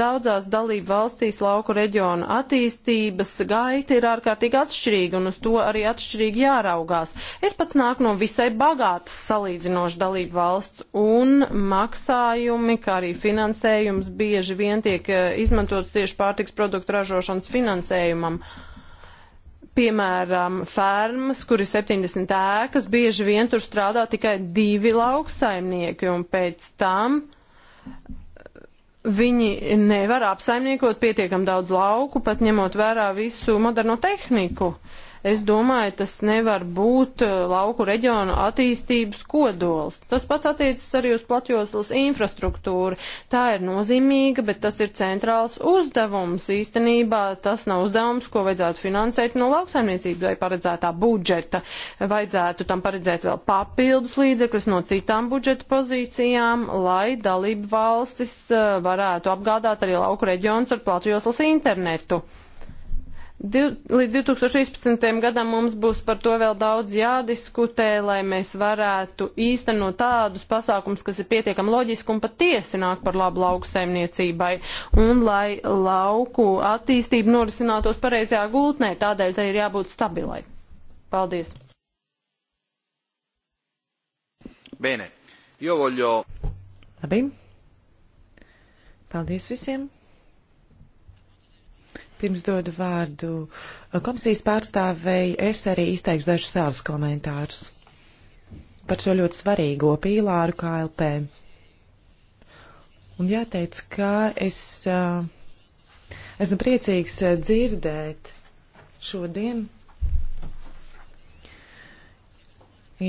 Daudzās dalību valstīs lauku reģionu attīstības gaita ir ārkārtīgi atšķirīga un uz to arī atšķirīgi jāraugās. Es pats nāku no visai bagātas salīdzinošas dalību valsts un maksājumi, kā arī finansējums bieži vien tiek eh, izmantots tieši pārtiks produktu ražošanas finansējumā regulējumam. Piemēram, fermas, kur ir 70 ēkas, bieži vien tur strādā tikai divi lauksaimnieki, un pēc tam viņi nevar apsaimniekot pietiekam daudz lauku, pat ņemot vērā visu moderno tehniku. Uh, Es domāju, tas nevar būt eh, lauku reģionu attīstības kodols. Tas pats attiecas arī uz platjoslas infrastruktūru. Tā ir nozīmīga, bet tas ir centrāls uzdevums. Īstenībā tas nav uzdevums, ko vajadzētu finansēt no lauksaimniecības vai paredzētā budžeta. Vajadzētu tam paredzēt vēl papildus līdzekļus no citām budžeta pozīcijām, lai dalību valstis eh, varētu apgādāt arī lauku reģionus ar platjoslas internetu. Līdz 2016. gadam mums būs par to vēl daudz jādiskutē, lai mēs varētu īstenot tādus pasākums, kas ir pietiekami loģiski un patiesi nāk par labu lauksaimniecībai, un lai lauku attīstība norisinātos pareizajā gultnē, tādēļ tai ir jābūt stabilai. Paldies! Bene, jo voglio. Labi. Paldies visiem! Pirms dodu vārdu uh, komisijas pārstāvēji, es arī izteikšu dažus savus komentārus par šo ļoti svarīgo pīlāru KLP. Un jāteic, ka es uh, esmu priecīgs uh, dzirdēt šodien.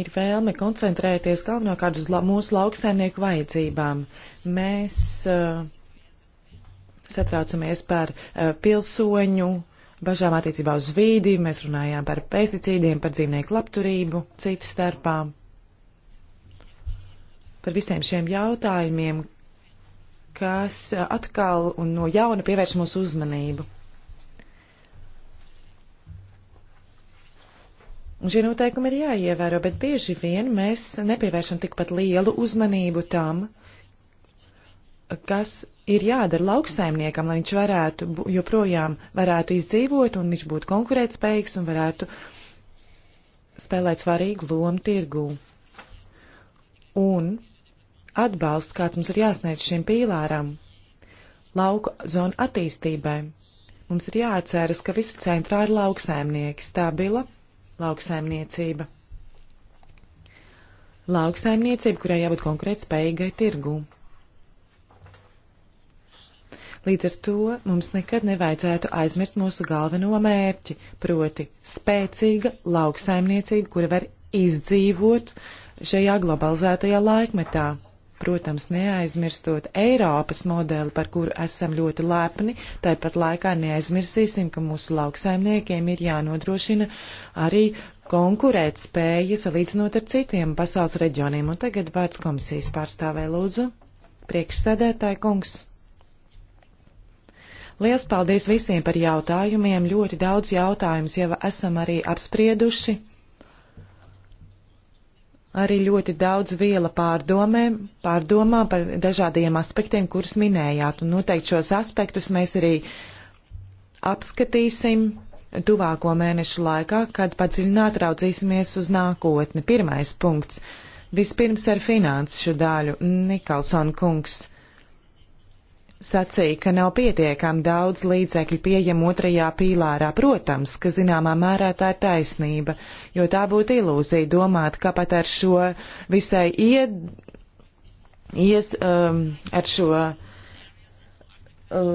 Ir vēlme koncentrēties galvenokārt uz la mūsu lauksaimnieku vajadzībām. Mēs uh, satraucamies par uh, pilsoņu bažām attiecībā uz vīdi, mēs runājām par pesticīdiem, par dzīvnieku labturību, citas starpā. Par visiem šiem jautājumiem, kas eh, atkal un no jauna pievērš mūsu uzmanību. Un šie noteikumi ir jāievēro, bet bieži vien mēs nepievēršam tikpat lielu uzmanību tam, kas ir jādara lauksaimniekam, lai viņš varētu joprojām varētu izdzīvot un viņš būtu konkurētspējīgs un varētu spēlēt svarīgu lomu tirgū. Un atbalsts, kāds mums ir jāsniedz šim pīlāram, lauku zonu attīstībai. Mums ir jāatceras, ka visi centrā ir lauksaimnieki, stabila lauksaimniecība. Lauksaimniecība, kurai jābūt konkrēt spējīgai tirgū. Līdz ar to mums nekad nevajadzētu aizmirst mūsu galveno mērķi, proti spēcīga lauksaimniecība, kura var izdzīvot šajā globalizētajā laikmetā. Protams, neaizmirstot Eiropas modeli, par kuru esam ļoti lepni, tāpat laikā neaizmirsīsim, ka mūsu lauksaimniekiem ir jānodrošina arī konkurēt spēja salīdzinot ar citiem pasaules reģioniem. Un tagad vārds komisijas pārstāvē lūdzu. Priekšsēdētāji kungs. Liels paldies visiem par jautājumiem. Ļoti daudz jautājumus jau esam arī apsprieduši. Arī ļoti daudz viela pārdomēm, pārdomā par dažādiem aspektiem, kurus minējāt. Un noteikti šos aspektus mēs arī apskatīsim tuvāko mēnešu laikā, kad padziļināt raudzīsimies uz nākotni. Pirmais punkts. Vispirms ar finanšu daļu. Nikolson kungs sacīja, ka nav pietiekami daudz līdzekļu pieejama otrajā pīlārā. Protams, ka zināmā mērā tā ir taisnība, jo tā būtu ilūzija domāt, ka pat ar šo visai ied, ies, um, ar šo uh,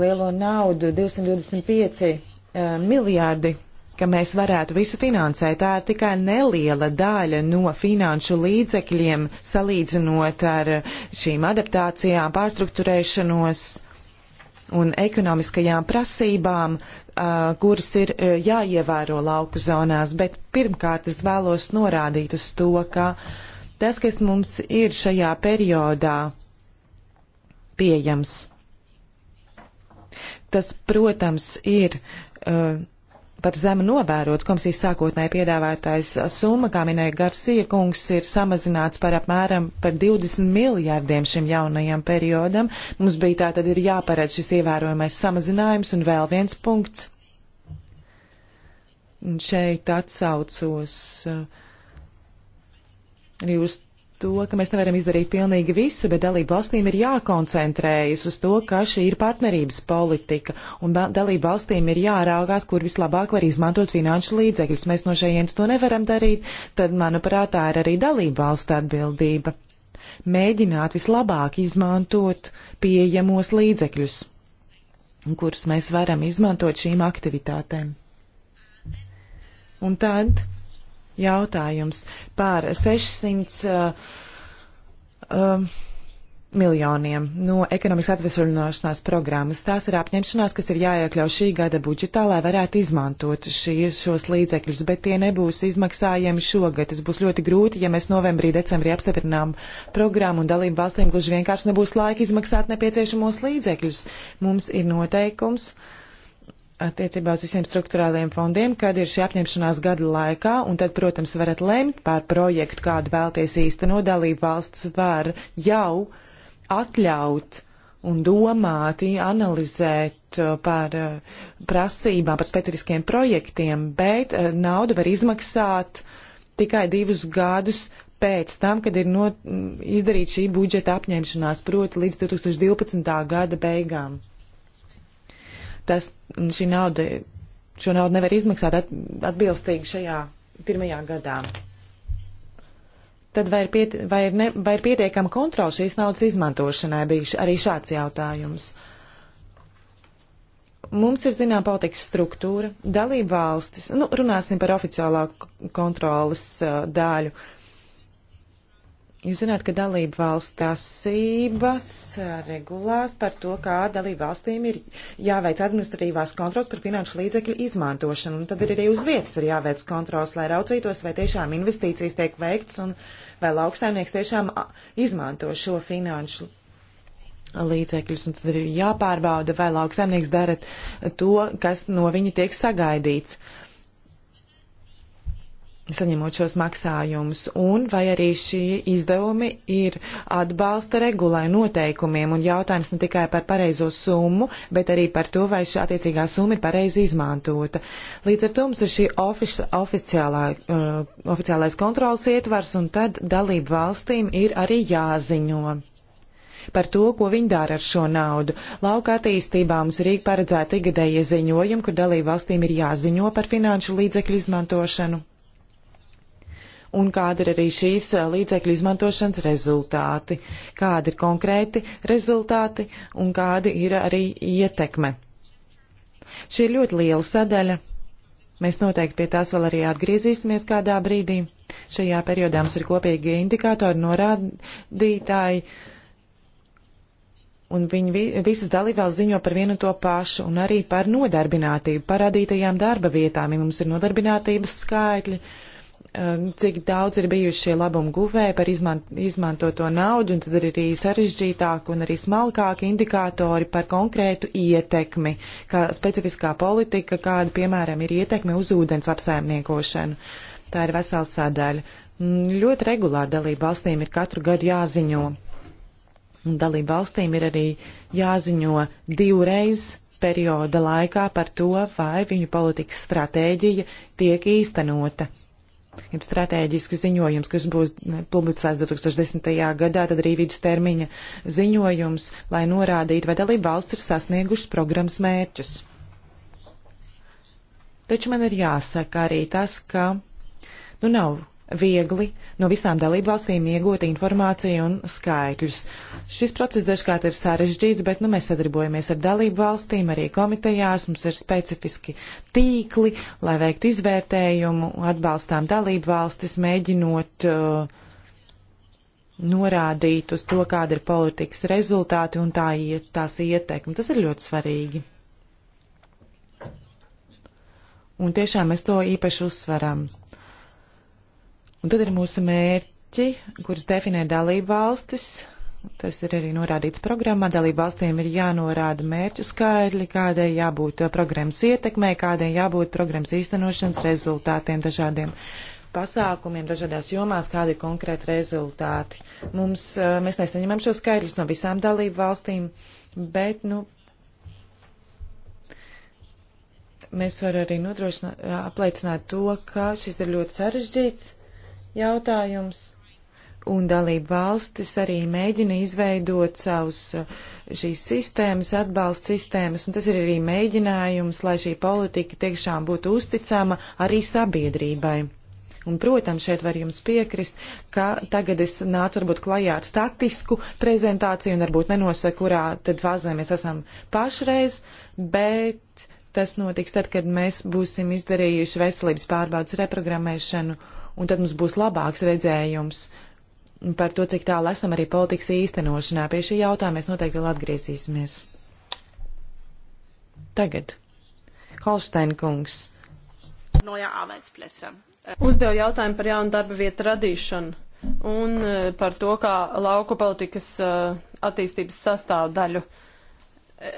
lielo naudu 225 uh, miljārdi ka mēs varētu visu finansēt. Tā ir tikai neliela daļa no finanšu līdzekļiem, salīdzinot ar šīm adaptācijām, pārstruktūrēšanos. Uh, un ekonomiskajām prasībām, uh, kuras ir uh, jāievēro lauku zonās, bet pirmkārt es vēlos norādīt uz to, ka tas, kas mums ir šajā periodā pieejams, tas, protams, ir uh, par zemu novērots. Komisijas sākotnēji piedāvātais summa, kā minēja Garcija kungs, ir samazināts par apmēram par 20 miljārdiem šim jaunajam periodam. Mums bija tā tad ir jāparedz šis ievērojamais samazinājums un vēl viens punkts. Un šeit atsaucos arī uh, uz to, ka mēs nevaram izdarīt pilnīgi visu, bet dalību valstīm ir jākoncentrējas uz to, ka šī ir partnerības politika, un dalību valstīm ir jārāgās, kur vislabāk var izmantot finanšu līdzekļus. Mēs no šejienes to nevaram darīt, tad, manuprāt, tā ir arī dalību valstu atbildība. Mēģināt vislabāk izmantot pieejamos līdzekļus, kurus mēs varam izmantot šīm aktivitātēm. Un tad jautājums par 600 uh, uh, miljoniem no ekonomikas atvesļošanās programmas. Tās ir apņemšanās, kas ir jāiekļau šī gada budžetā, lai varētu izmantot šī, šos līdzekļus, bet tie nebūs izmaksājami šogad. Tas būs ļoti grūti, ja mēs novembrī, decembrī apstiprinām programmu un dalību valstīm gluži vienkārši nebūs laika izmaksāt nepieciešamos līdzekļus. Mums ir noteikums. Uh, attiecībā uz visiem struktūrāliem fondiem, kad ir šī apņemšanās gada laikā, un tad, protams, varat lemt par projektu, kādu vēlties īstenot. Dalība valsts var jau atļaut un domāt, analizēt uh, par uh, prasībām, par specifiskiem projektiem, bet uh, naudu var izmaksāt tikai divus gadus pēc tam, kad ir no, izdarīta šī budžeta apņemšanās, proti līdz 2012. gada beigām tas, šī nauda, šo naudu nevar izmaksāt at, atbilstīgi šajā pirmajā gadā. Tad vai ir, piet, vai ir, ne, vai ir pietiekama kontrola šīs naudas izmantošanai, bija arī šāds jautājums. Mums ir zināma politikas struktūra, dalība valstis, nu, runāsim par oficiālā kontrolas uh, daļu. Uh, Jūs zināt, ka dalību valsts prasības regulās par to, kā dalību valstīm ir jāveic administratīvās kontrols par finanšu līdzekļu izmantošanu, un tad ir arī uz vietas ir jāveic kontrols, lai raucītos, vai tiešām investīcijas tiek veikts un vai lauksaimnieks tiešām izmanto šo finanšu līdzekļus, un tad ir jāpārbauda, vai lauksaimnieks dara to, kas no viņa tiek sagaidīts saņemot šos maksājumus, un vai arī šie izdevumi ir atbalsta regulai noteikumiem, un jautājums ne tikai par pareizo summu, bet arī par to, vai šī attiecīgā summa ir pareizi izmantota. Līdz ar to mums ir šī ofis, oficiālā, uh, oficiālais kontrols ietvars, un tad dalību valstīm ir arī jāziņo par to, ko viņi dara ar šo naudu. Lauka attīstībā mums ir paredzēta ikgadējie ziņojumi, kur dalību valstīm ir jāziņo par finanšu līdzekļu izmantošanu un kāda ir arī šīs eh, līdzekļu izmantošanas rezultāti, kādi ir konkrēti rezultāti un kādi ir arī ietekme. Šī ir ļoti liela sadaļa. Mēs noteikti pie tās vēl arī atgriezīsimies kādā brīdī. Šajā periodā mums ir kopīgi indikātori, norādītāji, un viņi vi visas dalībvalsts ziņo par vienu to pašu, un arī par nodarbinātību, par radītajām darba vietām, ja mums ir nodarbinātības skaitļi. Uh, Um, cik daudz ir bijuši šie labumu guvēji par izman, izmantoto naudu, un tad ir arī sarežģītāki un arī smalkāki indikātori par konkrētu ietekmi, kā specifiskā politika, kāda, piemēram, ir ietekme uz ūdens apsaimniekošanu. Tā ir vesela sadaļa. Mm, ļoti regulāri dalību valstīm ir katru gadu jāziņo. Un dalību valstīm ir arī jāziņo divreiz perioda laikā par to, vai viņu politikas stratēģija tiek īstenota ir strateģisks ziņojums, kas būs publicēts 2010. gadā, tad arī vidustermiņa ziņojums, lai norādītu, vai dalība valsts ir sasniegušas programmas mērķus. Taču man ir jāsaka arī tas, ka nu nav viegli no visām dalībvalstīm iegūt informāciju un skaitļus. Šis process dažkārt ir sarežģīts, bet nu, mēs sadarbojamies ar dalībvalstīm, arī komitejās, mums ir specifiski tīkli, lai veiktu izvērtējumu, atbalstām dalībvalstis, mēģinot uh, norādīt uz to, kāda ir politikas rezultāti un tā iet, tās ietekme. Tas ir ļoti svarīgi. Un tiešām mēs to īpaši uzsveram. Un tad ir mūsu mērķi, kurus definē dalība valstis. Tas ir arī norādīts programmā. Dalība valstīm ir jānorāda mērķu skaidri, kādai jābūt programmas ietekmē, kādai jābūt programmas īstenošanas rezultātiem dažādiem pasākumiem dažādās jomās, kādi ir konkrēti rezultāti. Mums, eh, mēs nesaņemam šo skaidrus no visām dalību valstīm, bet, nu, mēs varam arī nodrošināt, apliecināt to, ka šis ir ļoti sarežģīts jautājums. Un dalību valstis arī mēģina izveidot savus eh, šīs sistēmas, atbalsta sistēmas, un tas ir arī mēģinājums, lai šī politika tiešām būtu uzticama arī sabiedrībai. Un, protams, šeit var jums piekrist, ka tagad es nācu varbūt klajā ar statisku prezentāciju un varbūt nenosaku, kurā tad fāzē mēs esam pašreiz, bet tas notiks tad, kad mēs būsim izdarījuši veselības pārbaudas reprogrammēšanu un tad mums būs labāks redzējums par to, cik tālu esam arī politikas īstenošanā. Pie šī jautājuma mēs noteikti vēl atgriezīsimies. Tagad. Holstein kungs. Uzdev jautājumu par jaunu darba vietu radīšanu un eh, par to, kā lauku politikas eh, attīstības sastāvdaļu. daļu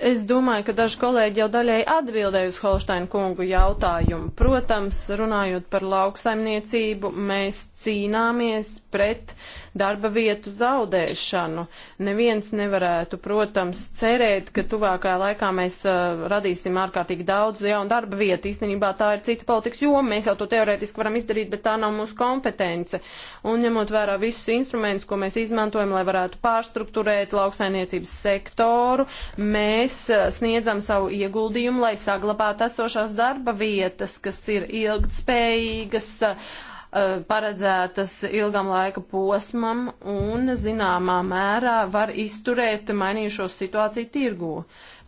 Es domāju, ka daži kolēģi jau daļēji atbildēja uz Holšteina kungu jautājumu. Protams, runājot par lauksaimniecību, mēs cīnāmies pret darba vietu zaudēšanu. Neviens nevarētu, protams, cerēt, ka tuvākajā laikā mēs uh, radīsim ārkārtīgi daudz jaunu darba vietu. Īstenībā tā ir cita politikas joma, mēs jau to teorētiski varam izdarīt, bet tā nav mūsu kompetence. Un ņemot vērā visus instrumentus, ko mēs izmantojam, lai varētu pārstruktūrēt lauksaimniecības sektoru, mēs mēs sniedzam savu ieguldījumu, lai saglabātu esošās darba vietas, kas ir ilgtspējīgas, paredzētas ilgam laika posmam un zināmā mērā var izturēt mainījušos situāciju tirgū.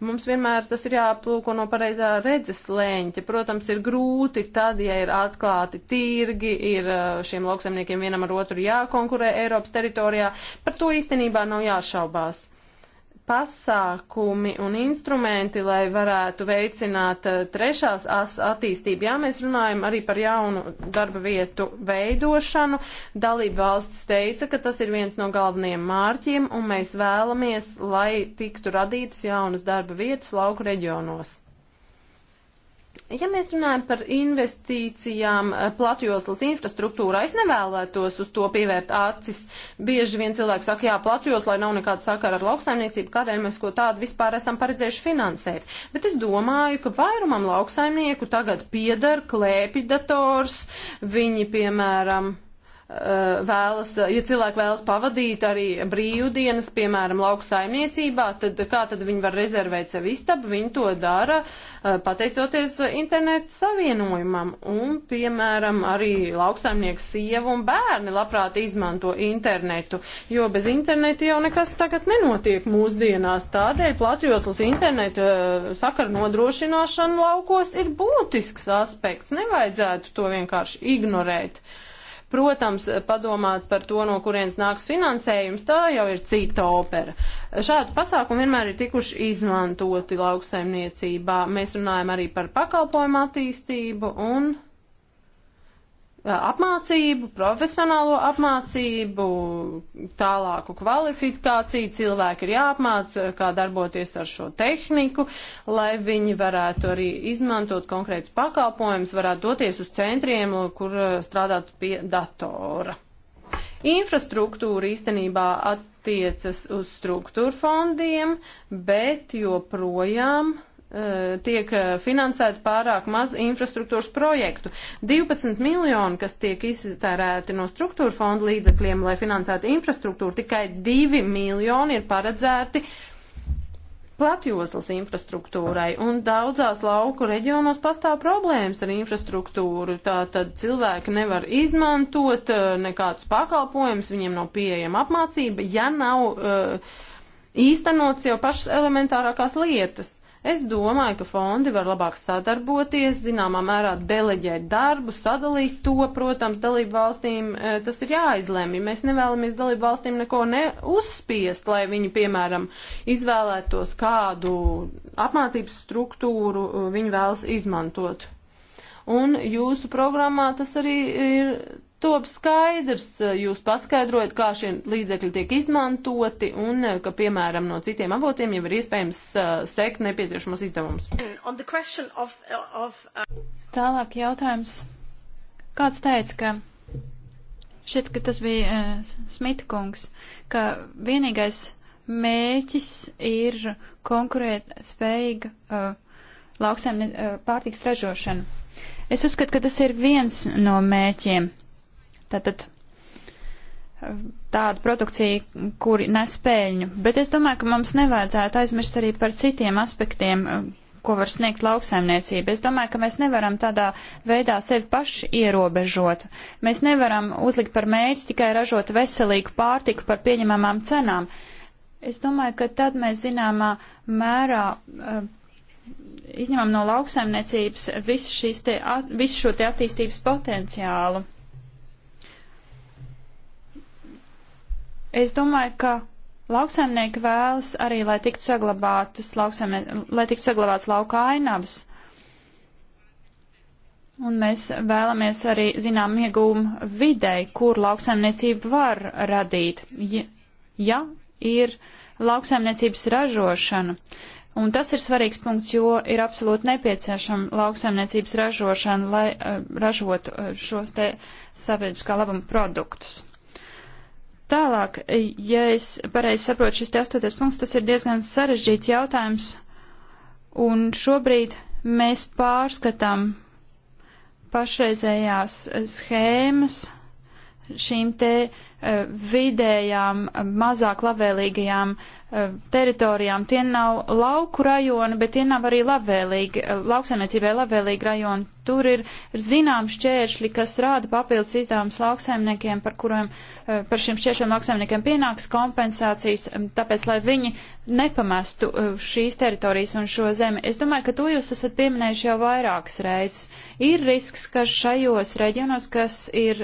Mums vienmēr tas ir jāplūko no pareizā redzes lēņķa. Protams, ir grūti tad, ja ir atklāti tirgi, ir šiem lauksaimniekiem vienam ar otru jākonkurē Eiropas teritorijā. Par to īstenībā nav jāšaubās pasākumi un instrumenti, lai varētu veicināt eh, trešās asas attīstību. Jā, mēs runājam arī par jaunu darba vietu veidošanu. Dalība valsts teica, ka tas ir viens no galvenajiem mārķiem, un mēs vēlamies, lai tiktu radītas jaunas darba vietas lauku reģionos. Ja mēs runājam par investīcijām eh, platjoslas infrastruktūrā, es nevēlētos uz to pievērt acis. Bieži vien cilvēki saka, jā, platjoslai nav nekāda sakara ar lauksaimniecību, kādēļ mēs ko tādu vispār esam paredzējuši finansēt. Bet es domāju, ka vairumam lauksaimnieku tagad pieder klēpiddators, viņi, piemēram, Eh, vēlas, eh, ja cilvēki vēlas pavadīt arī brīvdienas, piemēram, lauksaimniecībā, tad kā tad viņi var rezervēt sev istabu? Viņi to dara eh, pateicoties internetu savienojumam. Un, piemēram, arī lauksaimnieks sieva un bērni labprāt izmanto internetu, jo bez interneta jau nekas tagad nenotiek mūsdienās. Tādēļ platjoslas interneta sakara nodrošināšana laukos ir būtisks aspekts. Nevajadzētu to vienkārši ignorēt. Uh, Protams, padomāt par to, no kurienes nāks finansējums, tā jau ir cita opera. Šādi pasākumi vienmēr ir tikuši izmantoti lauksaimniecībā. Mēs runājam arī par pakalpojumu attīstību un Eh, apmācību, profesionālo apmācību, tālāku kvalifikāciju. Cilvēki ir jāapmāca, kā darboties ar šo tehniku, lai viņi varētu arī izmantot konkrētus pakalpojumus, varētu doties uz centriem, kur eh, strādāt pie datora. Infrastruktūra īstenībā attiecas uz struktūra fondiem, bet joprojām Eh, tiek eh, finansēti pārāk maz infrastruktūras projektu. 12 miljoni, kas tiek iztērēti no struktūra fonda līdzekļiem, lai finansētu infrastruktūru, tikai 2 miljoni ir paredzēti platjoslas infrastruktūrai, un daudzās lauku reģionos pastāv problēmas ar infrastruktūru, tā tad cilvēki nevar izmantot eh, nekādus pakalpojumus, viņiem nav pieejama apmācība, ja nav uh, īstenots jau pašas elementārākās lietas. Es domāju, ka fondi var labāk sadarboties, zināmā mērā deleģēt darbu, sadalīt to, protams, dalību valstīm e, tas ir jāizlemj. Mēs nevēlamies dalību valstīm neko neuzspiest, lai viņi, piemēram, izvēlētos kādu apmācības struktūru e, viņi vēlas izmantot. Un jūsu programmā tas arī ir top skaidrs, eh, jūs paskaidrojat, kā šie līdzekļi tiek izmantoti un eh, ka, piemēram, no citiem avotiem jau ir iespējams uh, eh, sekt nepieciešamos izdevumus. Of, of, uh... Tālāk jautājums. Kāds teica, ka šit, ka tas bija uh, Smita kungs, ka vienīgais mēķis ir konkurēt spējīga uh, lauksaimne uh, pārtiks ražošana. Es uzskatu, ka tas ir viens no mēķiem. Tātad eh, tādu produkciju, kuri nes peļņu. Bet es domāju, ka mums nevajadzētu aizmirst arī par citiem aspektiem, eh, ko var sniegt lauksaimniecība. Es domāju, ka mēs nevaram tādā veidā sevi paši ierobežot. Mēs nevaram uzlikt par mērķi tikai ražot veselīgu pārtiku par pieņemamām cenām. Es domāju, ka tad mēs zināmā mērā uh, izņemam no lauksaimniecības visu, te, at, visu šo te attīstības potenciālu. Es domāju, ka lauksaimnieki vēlas arī, lai tiktu saglabātas lai tiktu saglabāts lauka ainavas. Un mēs vēlamies arī, zinām, iegūmu videi, kur lauksaimniecība var radīt, ja, ja ir lauksaimniecības ražošana. Un tas ir svarīgs punkts, jo ir absolūti nepieciešama lauksaimniecības ražošana, lai uh, eh, ražotu uh, eh, šos te sabiedriskā labuma produktus. Tālāk, ja es pareizi saprotu, šis te astoties punkts, tas ir diezgan sarežģīts jautājums, un šobrīd mēs pārskatām pašreizējās schēmas šīm te eh, vidējām, mazāk labvēlīgajām uh, Eh, teritorijām. Tie nav lauku rajoni, bet tie nav arī labvēlīgi, eh, lauksaimniecībai labvēlīgi rajoni. Tur ir, ir zinām šķēršļi, kas rāda papildus izdevums lauksaimniekiem, par kuriem, eh, par šiem šķēršļiem lauksaimniekiem pienāks kompensācijas, tāpēc, lai viņi nepamestu šīs teritorijas un šo zemi. Es domāju, ka to jūs esat pieminējuši jau vairākas reizes. Ir risks, ka šajos reģionos, kas ir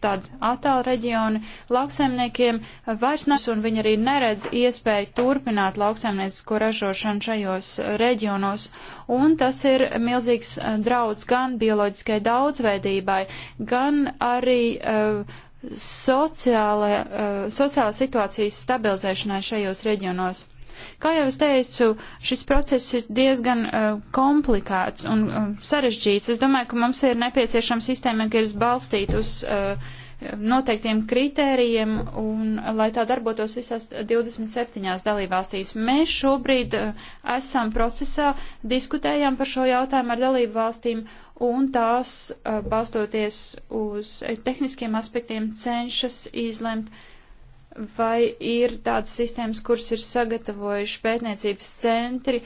tādi attāli reģioni, lauksaimniekiem vairs nes un viņi arī neredz iespēju turpināt lauksaimniecisko ražošanu šajos reģionos, un tas ir milzīgs eh, drauds gan bioloģiskai daudzveidībai, gan arī uh, sociāla, uh, sociāla situācijas stabilizēšanai šajos reģionos. Kā jau es teicu, šis process ir diezgan uh, komplikēts un uh, sarežģīts. Es domāju, ka mums ir nepieciešama sistēma, kas balstīta uz uh, noteiktiem kritērijiem un lai tā darbotos visās 27 dalībvalstīs. Mēs šobrīd eh, esam procesā, diskutējam par šo jautājumu ar dalībvalstīm un tās, eh, balstoties uz tehniskiem aspektiem, cenšas izlemt, vai ir tādas sistēmas, kuras ir sagatavojuši pētniecības centri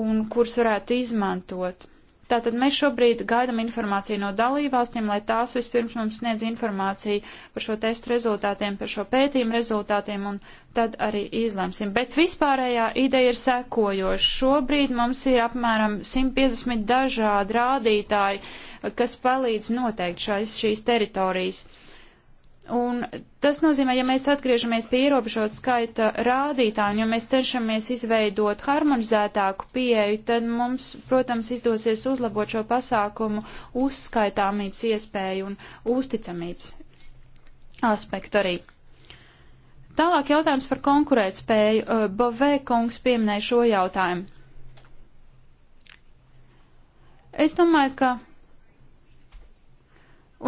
un kuras varētu izmantot. Tātad mēs šobrīd gaidam informāciju no dalībvalstīm, lai tās vispirms mums sniedz informāciju par šo testu rezultātiem, par šo pētījumu rezultātiem, un tad arī izlemsim. Bet vispārējā ideja ir sekojoša. Šobrīd mums ir apmēram 150 dažādi rādītāji, kas palīdz noteikt šais, šīs teritorijas. Uh, Un tas nozīmē, ja mēs atgriežamies pie ierobežot skaita rādītājiem, ja mēs cenšamies izveidot harmonizētāku pieeju, tad mums, protams, izdosies uzlabot šo pasākumu uzskaitāmības iespēju un uzticamības aspektu arī. Tālāk jautājums par konkurētspēju. Bovē kungs pieminēja šo jautājumu. Es domāju, ka.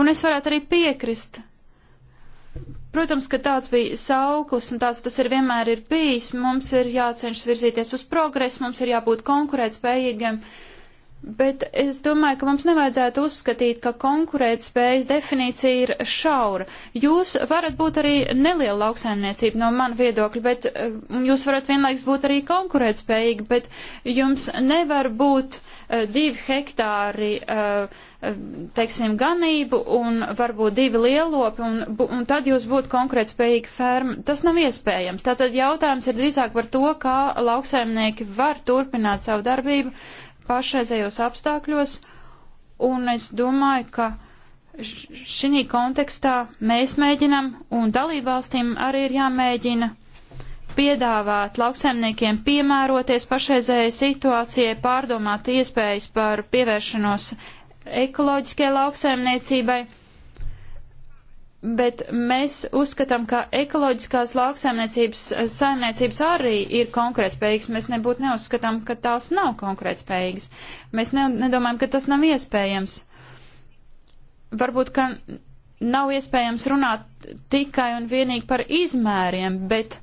Un es varētu arī piekrist Protams, ka tāds bija sauklis un tāds tas ir vienmēr ir bijis. Mums ir jācenšas virzīties uz progresu, mums ir jābūt konkurētspējīgiem. spējīgiem Bet es domāju, ka mums nevajadzētu uzskatīt, ka konkurētspējas definīcija ir šaura. Jūs varat būt arī neliela lauksaimniecība no mana viedokļa, bet eh, jūs varat vienlaiks būt arī konkurētspējīgi, bet jums nevar būt uh, divi hektāri, uh, teiksim, ganību un varbūt divi lielopi, un, un tad jūs būtu konkurētspējīgi ferma. Tas nav iespējams. Tātad jautājums ir drīzāk par to, kā lauksaimnieki var turpināt savu darbību pašreizējos apstākļos, un es domāju, ka šī kontekstā mēs mēģinam, un dalībvalstīm arī ir jāmēģina piedāvāt lauksaimniekiem piemēroties pašreizējai situācijai, pārdomāt iespējas par pievēršanos ekoloģiskajai lauksaimniecībai bet mēs uzskatām, ka ekoloģiskās lauksaimniecības eh, saimniecības arī ir konkurētspējīgas. Mēs nebūtu neuzskatām, ka tās nav konkurētspējīgas. Mēs ne, nedomājam, ka tas nav iespējams. Varbūt, ka nav iespējams runāt tikai un vienīgi par izmēriem, bet,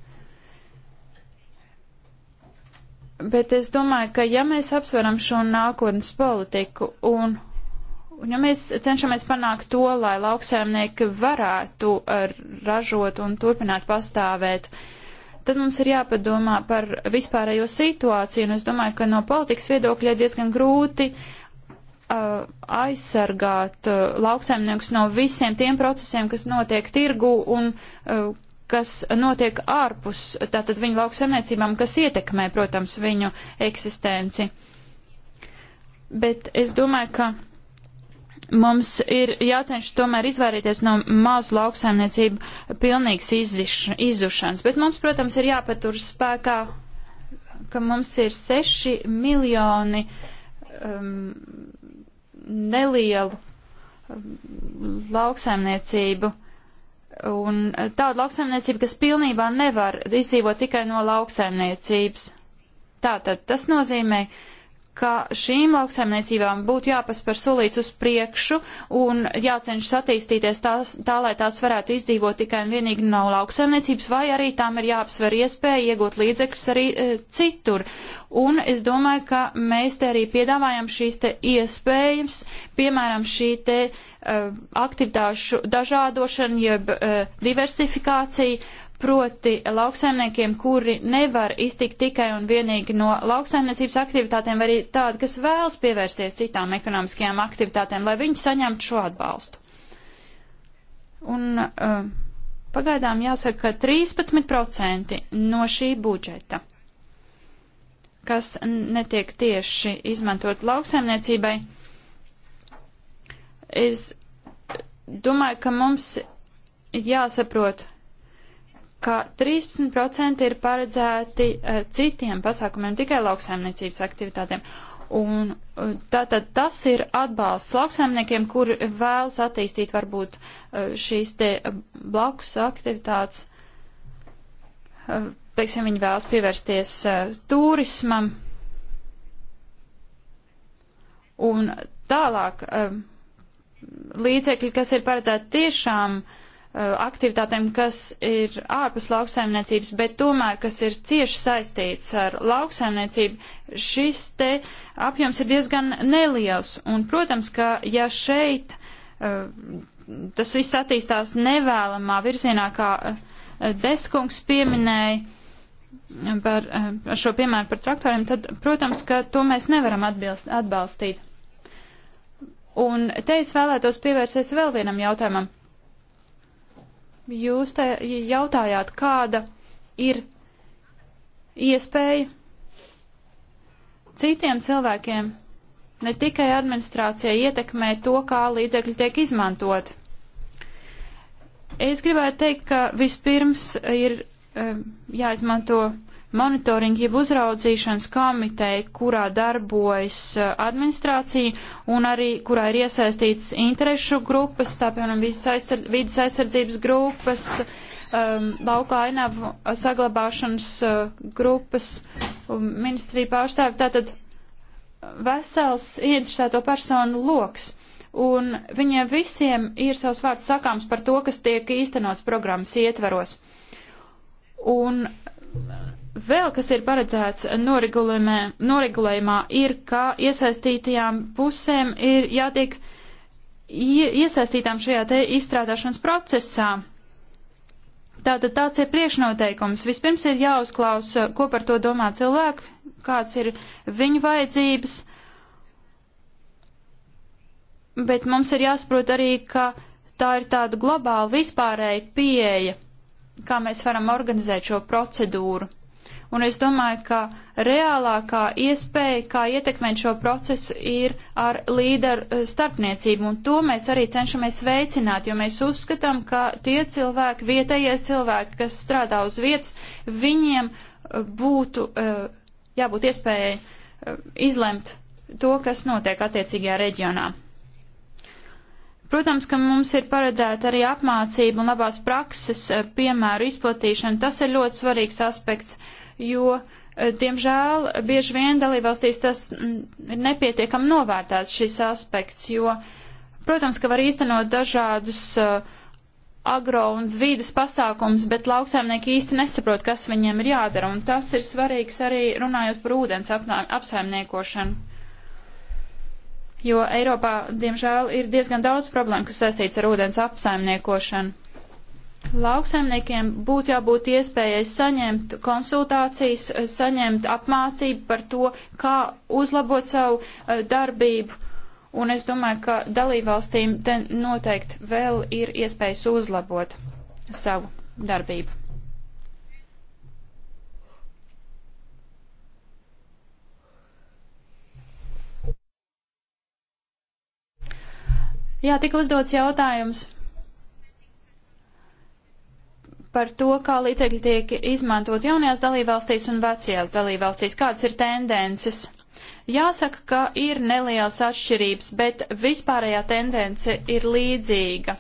bet es domāju, ka ja mēs apsveram šo nākotnes politiku un Un ja mēs cenšamies panākt to, lai lauksēmnieki varētu eh, ražot un turpināt pastāvēt, tad mums ir jāpadomā par vispārējo situāciju, un es domāju, ka no politikas viedokļa ir diezgan grūti uh, aizsargāt uh, eh, lauksēmniekus no visiem tiem procesiem, kas notiek tirgu un uh, kas notiek ārpus tātad viņu lauksaimniecībām, kas ietekmē, protams, viņu eksistenci. Bet es domāju, ka Mums ir jācenšas tomēr izvairīties no mazu lauksaimniecību pilnīgas izzušanas, bet mums, protams, ir jāpatur spēkā, ka mums ir seši miljoni um, nelielu um, lauksaimniecību un uh, tādu lauksaimniecību, kas pilnībā nevar izdzīvot tikai no lauksaimniecības. Tātad tas nozīmē, uh, ka šīm lauksaimniecībām būtu jāpaspēr solīts uz priekšu un jācenšas attīstīties tās, tā, lai tās varētu izdzīvot tikai un vienīgi no lauksaimniecības, vai arī tām ir jāapsver iespēja iegūt līdzekļus arī e, citur. Un es domāju, ka mēs te arī piedāvājam šīs te iespējas, piemēram, šī te e, aktivitāšu dažādošana, jeb e, diversifikācija proti lauksaimniekiem, kuri nevar iztikt tikai un vienīgi no lauksaimniecības aktivitātēm, vai arī tādi, kas vēlas pievērsties citām ekonomiskajām aktivitātēm, lai viņi saņemtu šo atbalstu. Un uh, pagaidām jāsaka, ka 13% no šī budžeta, kas netiek tieši izmantot lauksaimniecībai, es domāju, ka mums jāsaprot, ka 13% ir paredzēti uh, citiem pasākumiem, tikai lauksaimniecības aktivitātēm. Un uh, tātad tas ir atbalsts lauksaimniekiem, kur vēlas attīstīt varbūt uh, šīs te blakus aktivitātes. Teiksim, viņi vēlas pievērsties turismam. Un tālāk līdzekļi, kas ir paredzēti tiešām uh, Uh, aktivitātēm, kas ir ārpus lauksaimniecības, bet tomēr, kas ir cieši saistīts ar lauksaimniecību, šis te apjoms ir diezgan neliels. Un, protams, ka ja šeit uh, tas viss attīstās nevēlamā virzienā, kā uh, Deskungs pieminēja um, par šo piemēru par traktoriem, tad, protams, ka to mēs nevaram atbilst, atbalstīt. Un te es vēlētos pievērsties vēl vienam jautājumam Jūs te jautājāt, kāda ir iespēja citiem cilvēkiem, ne tikai administrācijai, ietekmēt to, kā līdzekļi tiek izmantoti. Es gribētu teikt, ka vispirms ir eh, jāizmanto monitoringa jeb uzraudzīšanas komiteja, kurā darbojas uh, administrācija un arī kurā ir iesaistīts interešu grupas, tā piemēram aizsardz, vidas aizsardzības grupas, um, lauka ainavu uh, saglabāšanas uh, grupas, ministrija pārstāvja, tātad vesels ieinteresēto personu loks. Un viņiem visiem ir savs vārds sakāms par to, kas tiek īstenots programmas ietveros. Un vēl, kas ir paredzēts noregulējumā, ir, ka iesaistītajām pusēm ir jātiek iesaistītām šajā te izstrādāšanas procesā. Tātad tāds ir priekšnoteikums. Vispirms ir jāuzklausa, ko par to domā cilvēki, kāds ir viņu vajadzības, bet mums ir jāsaprot arī, ka tā ir tāda globāla vispārēja pieeja, kā mēs varam organizēt šo procedūru. Un es domāju, ka reālākā iespēja, kā ietekmēt šo procesu, ir ar līderu eh, starpniecību. Un to mēs arī cenšamies veicināt, jo mēs uzskatām, ka tie cilvēki, vietējie cilvēki, kas strādā uz vietas, viņiem eh, būtu eh, jābūt iespējai izlemt to, kas notiek attiecīgajā reģionā. Protams, ka mums ir paredzēta arī apmācība un labās prakses piemēru izplatīšana. Tas ir ļoti svarīgs aspekts jo, eh, diemžēl, bieži vien dalībvalstīs tas mm, ir nepietiekami novērtēts šis aspekts, jo, protams, ka var īstenot dažādus eh, agro un vīdas pasākums, bet lauksaimnieki īsti nesaprot, kas viņiem ir jādara, un tas ir svarīgs arī runājot par ūdens apsaimniekošanu. Jo Eiropā, diemžēl, ir diezgan daudz problēmu, kas saistīts ar ūdens apsaimniekošanu. Lauksaimniekiem būtu jābūt iespējai saņemt konsultācijas, saņemt apmācību par to, kā uzlabot savu eh, darbību. Un es domāju, ka dalībvalstīm te noteikti vēl ir iespējas uzlabot savu darbību. Jā, tika uzdots jautājums par to, kā līdzekļi tiek izmantot jaunajās dalībvalstīs un vecajās dalībvalstīs, kādas ir tendences. Jāsaka, ka ir nelielas atšķirības, bet vispārējā tendence ir līdzīga.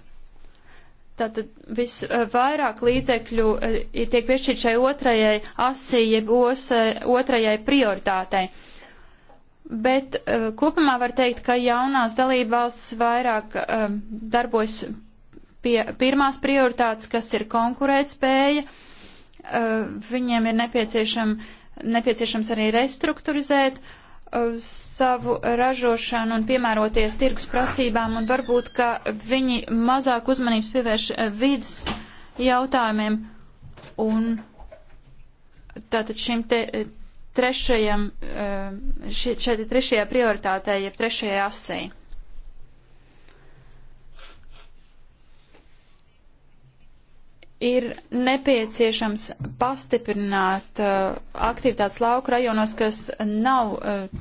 Tātad visvairāk līdzekļu eh, tiek piešķirt šai otrajai asī, jeb os, otrajai prioritātei. Bet eh, kopumā var teikt, ka jaunās dalībvalstis vairāk eh, darbojas pie pirmās prioritātes, kas ir konkurētspēja. Uh, viņiem ir nepieciešam, nepieciešams arī restruktūrizēt uh, savu ražošanu un piemēroties tirgus prasībām, un varbūt, ka viņi mazāk uzmanības pievērš uh, vidas jautājumiem un tātad šim te trešajam, šeit trešajā prioritātei, jeb trešajai asēji. ir nepieciešams pastiprināt uh, aktivitātes lauku rajonos, kas nav uh,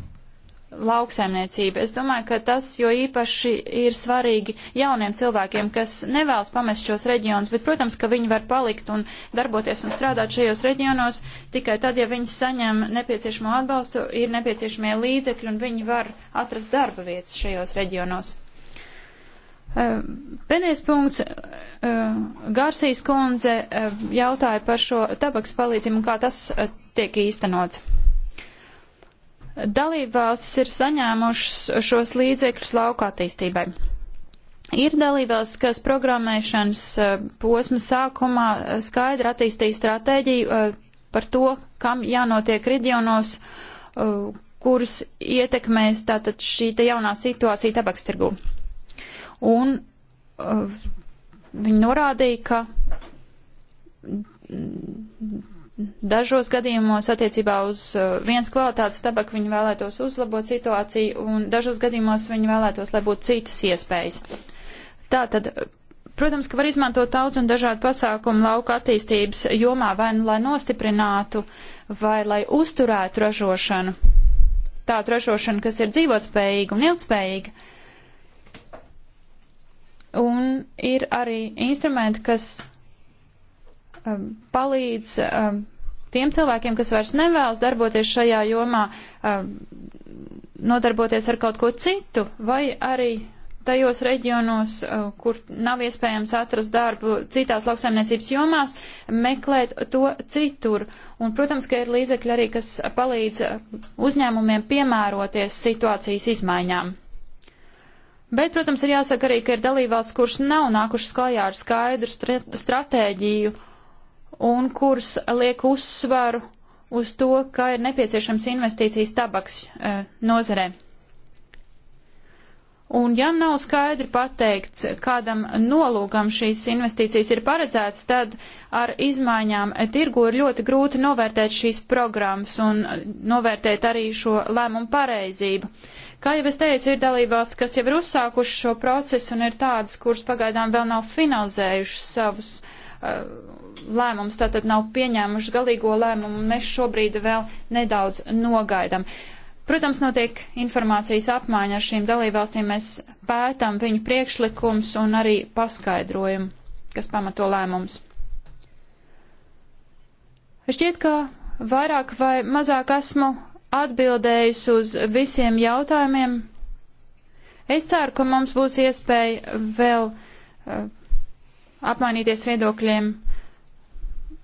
lauksaimniecība. Es domāju, ka tas jo īpaši ir svarīgi jauniem cilvēkiem, kas nevēlas pamest šos reģionus, bet, protams, ka viņi var palikt un darboties un strādāt šajos reģionos tikai tad, ja viņi saņem nepieciešamo atbalstu, ir nepieciešamie līdzekļi un viņi var atrast darba vietas šajos reģionos. Pēdējais punkts. Garsīs kundze jautāja par šo tabaks palīdzību un kā tas tiek īstenots. Dalībvalstis ir saņēmušas šos līdzekļus lauka attīstībai. Ir dalībvalstis, kas programmēšanas posma sākumā skaidri attīstīja stratēģiju par to, kam jānotiek reģionos, kurus ietekmēs tātad šī jaunā situācija tabakstirgū un uh, viņi norādīja, ka dažos gadījumos attiecībā uz uh, viens kvalitātes tabaku viņi vēlētos uzlabot situāciju, un dažos gadījumos viņi vēlētos, lai būtu citas iespējas. Tātad, protams, ka var izmantot daudz un dažādu pasākumu lauka attīstības jomā, vai nu lai nostiprinātu, vai lai uzturētu ražošanu, tādu ražošanu, kas ir dzīvotspējīga un ilgspējīga. Un ir arī instrumenti, kas um, palīdz um, tiem cilvēkiem, kas vairs nevēlas darboties šajā jomā, um, nodarboties ar kaut ko citu, vai arī tajos reģionos, uh, kur nav iespējams atrast darbu citās lauksaimniecības jomās, meklēt to citur. Un, protams, ka ir līdzekļi arī, kas palīdz uh, uzņēmumiem piemēroties situācijas izmaiņām. Bet, protams, ir jāsaka arī, ka ir dalībvalsts, kuras nav nākušas klajā ar skaidru stratēģiju un kuras liek uzsvaru uz to, ka ir nepieciešams investīcijas tabaks e, eh, nozarei. Un ja nav skaidri pateikts, kādam nolūkam šīs investīcijas ir paredzēts, tad ar izmaiņām tirgu ir ļoti grūti novērtēt šīs programmas un novērtēt arī šo lēmumu pareizību. Kā jau es teicu, ir dalībās, kas jau ir uzsākuši šo procesu un ir tādas, kuras pagaidām vēl nav finalizējušas savus uh, lēmumus, tātad nav pieņēmušas galīgo lēmumu, un mēs šobrīd vēl nedaudz nogaidam. Uh, Protams, notiek informācijas apmaiņa ar šīm dalībvalstīm. Mēs pētām viņu priekšlikums un arī paskaidrojumu, kas pamato lēmums. Šķiet, ka vairāk vai mazāk esmu atbildējusi uz visiem jautājumiem. Es ceru, ka mums būs iespēja vēl uh, apmainīties viedokļiem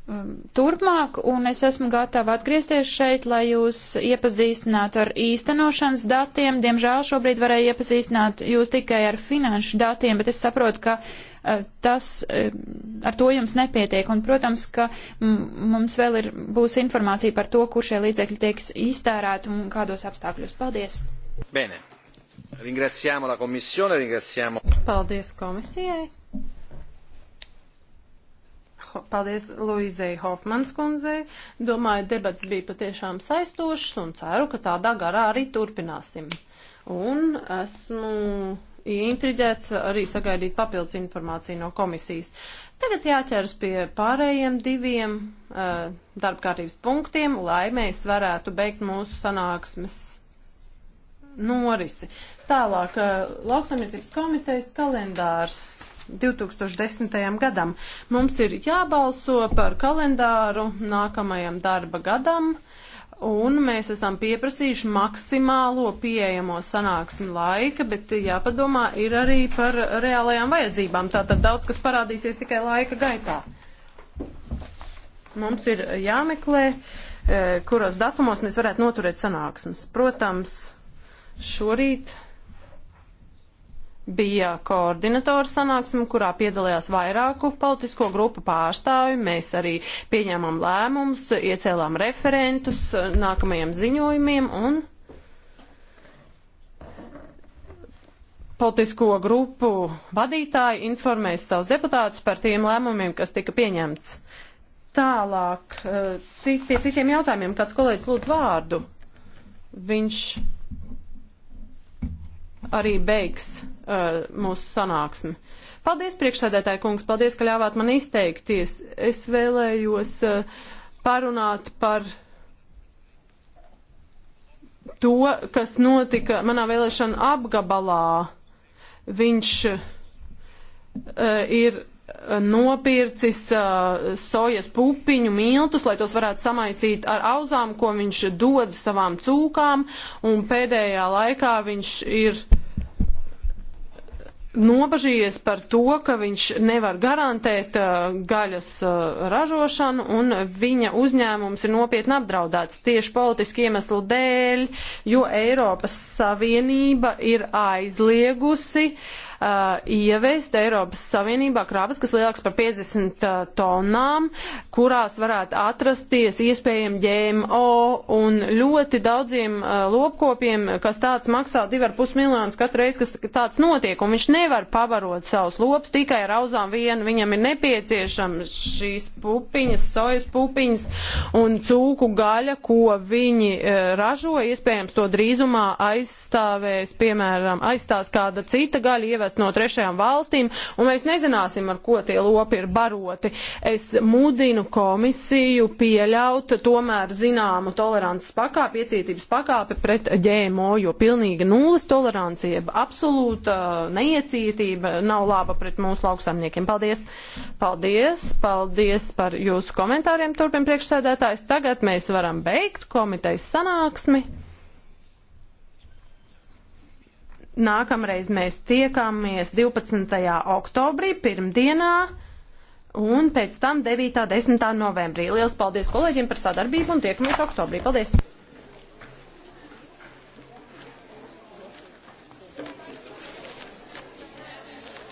Um, turpmāk, un es esmu gatava atgriezties šeit, lai jūs iepazīstinātu ar īstenošanas datiem. Diemžēl šobrīd varēju iepazīstināt jūs tikai ar finanšu datiem, bet es saprotu, ka uh, tas uh, ar to jums nepietiek. Un, protams, ka mums vēl ir, būs informācija par to, kur šie līdzekļi tiek iztērēti un kādos apstākļos. Paldies! Bene. Ringraziamo la Commissione, ringraziamo. Paldies komisijai. Paldies Luizei Hofmans kundzei. Domāju, debats bija patiešām saistošs un ceru, ka tādā garā arī turpināsim. Un esmu intriģēts arī sagaidīt papildus informāciju no komisijas. Tagad jāķers pie pārējiem diviem uh, darbkārtības punktiem, lai mēs varētu beigt mūsu sanāksmes norisi. Tālāk, uh, eh, lauksamniecības komitejas kalendārs. 2010. gadam. Mums ir jābalso par kalendāru nākamajam darba gadam. Un mēs esam pieprasījuši maksimālo pieejamo sanāksmi laika, bet jāpadomā ir arī par reālajām vajadzībām. Tātad daudz, kas parādīsies tikai laika gaitā. Mums ir jāmeklē, eh, kuros datumos mēs varētu noturēt sanāksmes. Protams, šorīt bija koordinatora sanāksme, kurā piedalījās vairāku politisko grupu pārstāvi. Mēs arī pieņēmām lēmumus, iecēlām referentus nākamajiem ziņojumiem un politisko grupu vadītāji informēs savus deputātus par tiem lēmumiem, kas tika pieņemts. Tālāk, eh, cit, pie citiem jautājumiem, kāds kolēģis lūdz vārdu. Viņš arī beigs uh, mūsu sanāksmi. Paldies, priekšsēdētāji kungs, paldies, ka ļāvāt man izteikties. Es vēlējos uh, parunāt par to, kas notika manā vēlēšana apgabalā. Viņš uh, ir nopircis uh, sojas pupiņu miltus, lai tos varētu samaisīt ar auzām, ko viņš dod savām cūkām, un pēdējā laikā viņš ir uh, nobažījies par to, ka viņš nevar garantēt uh, gaļas uh, ražošanu un viņa uzņēmums ir nopietni apdraudēts tieši politiski iemeslu dēļ, jo Eiropas Savienība ir aizliegusi uh, uh, ieviest Eiropas Savienībā krabas, kas lielāks par 50 uh, tonām, kurās varētu atrasties iespējami GMO un ļoti daudziem uh, lopkopiem, kas tāds maksā 2,5 miljonus katru reizi, kas tāds notiek, un viņš nevar pavarot savus lopus tikai ar auzām vienu, viņam ir nepieciešams šīs pupiņas, sojas pupiņas un cūku gaļa, ko viņi uh, ražo, iespējams to drīzumā aizstāvēs, piemēram, aizstās kāda cita gaļa, ievēs ievests no trešajām valstīm, un mēs nezināsim, ar ko tie lopi ir baroti. Es mudinu komisiju pieļaut tomēr zināmu tolerances pakāpi, iecietības pakāpi pret ģēmo, jo pilnīga nulles tolerance, jeb absolūta neiecietība nav laba pret mūsu lauksaimniekiem. Paldies! Paldies! Paldies par jūsu komentāriem, turpin priekšsēdētājs. Tagad mēs varam beigt komitejas sanāksmi. Nākamreiz mēs tiekamies 12. oktobrī, pirmdienā, un pēc tam 9. 10. novembrī. Lielas paldies kolēģiem par sadarbību un tiekamies oktobrī. Paldies!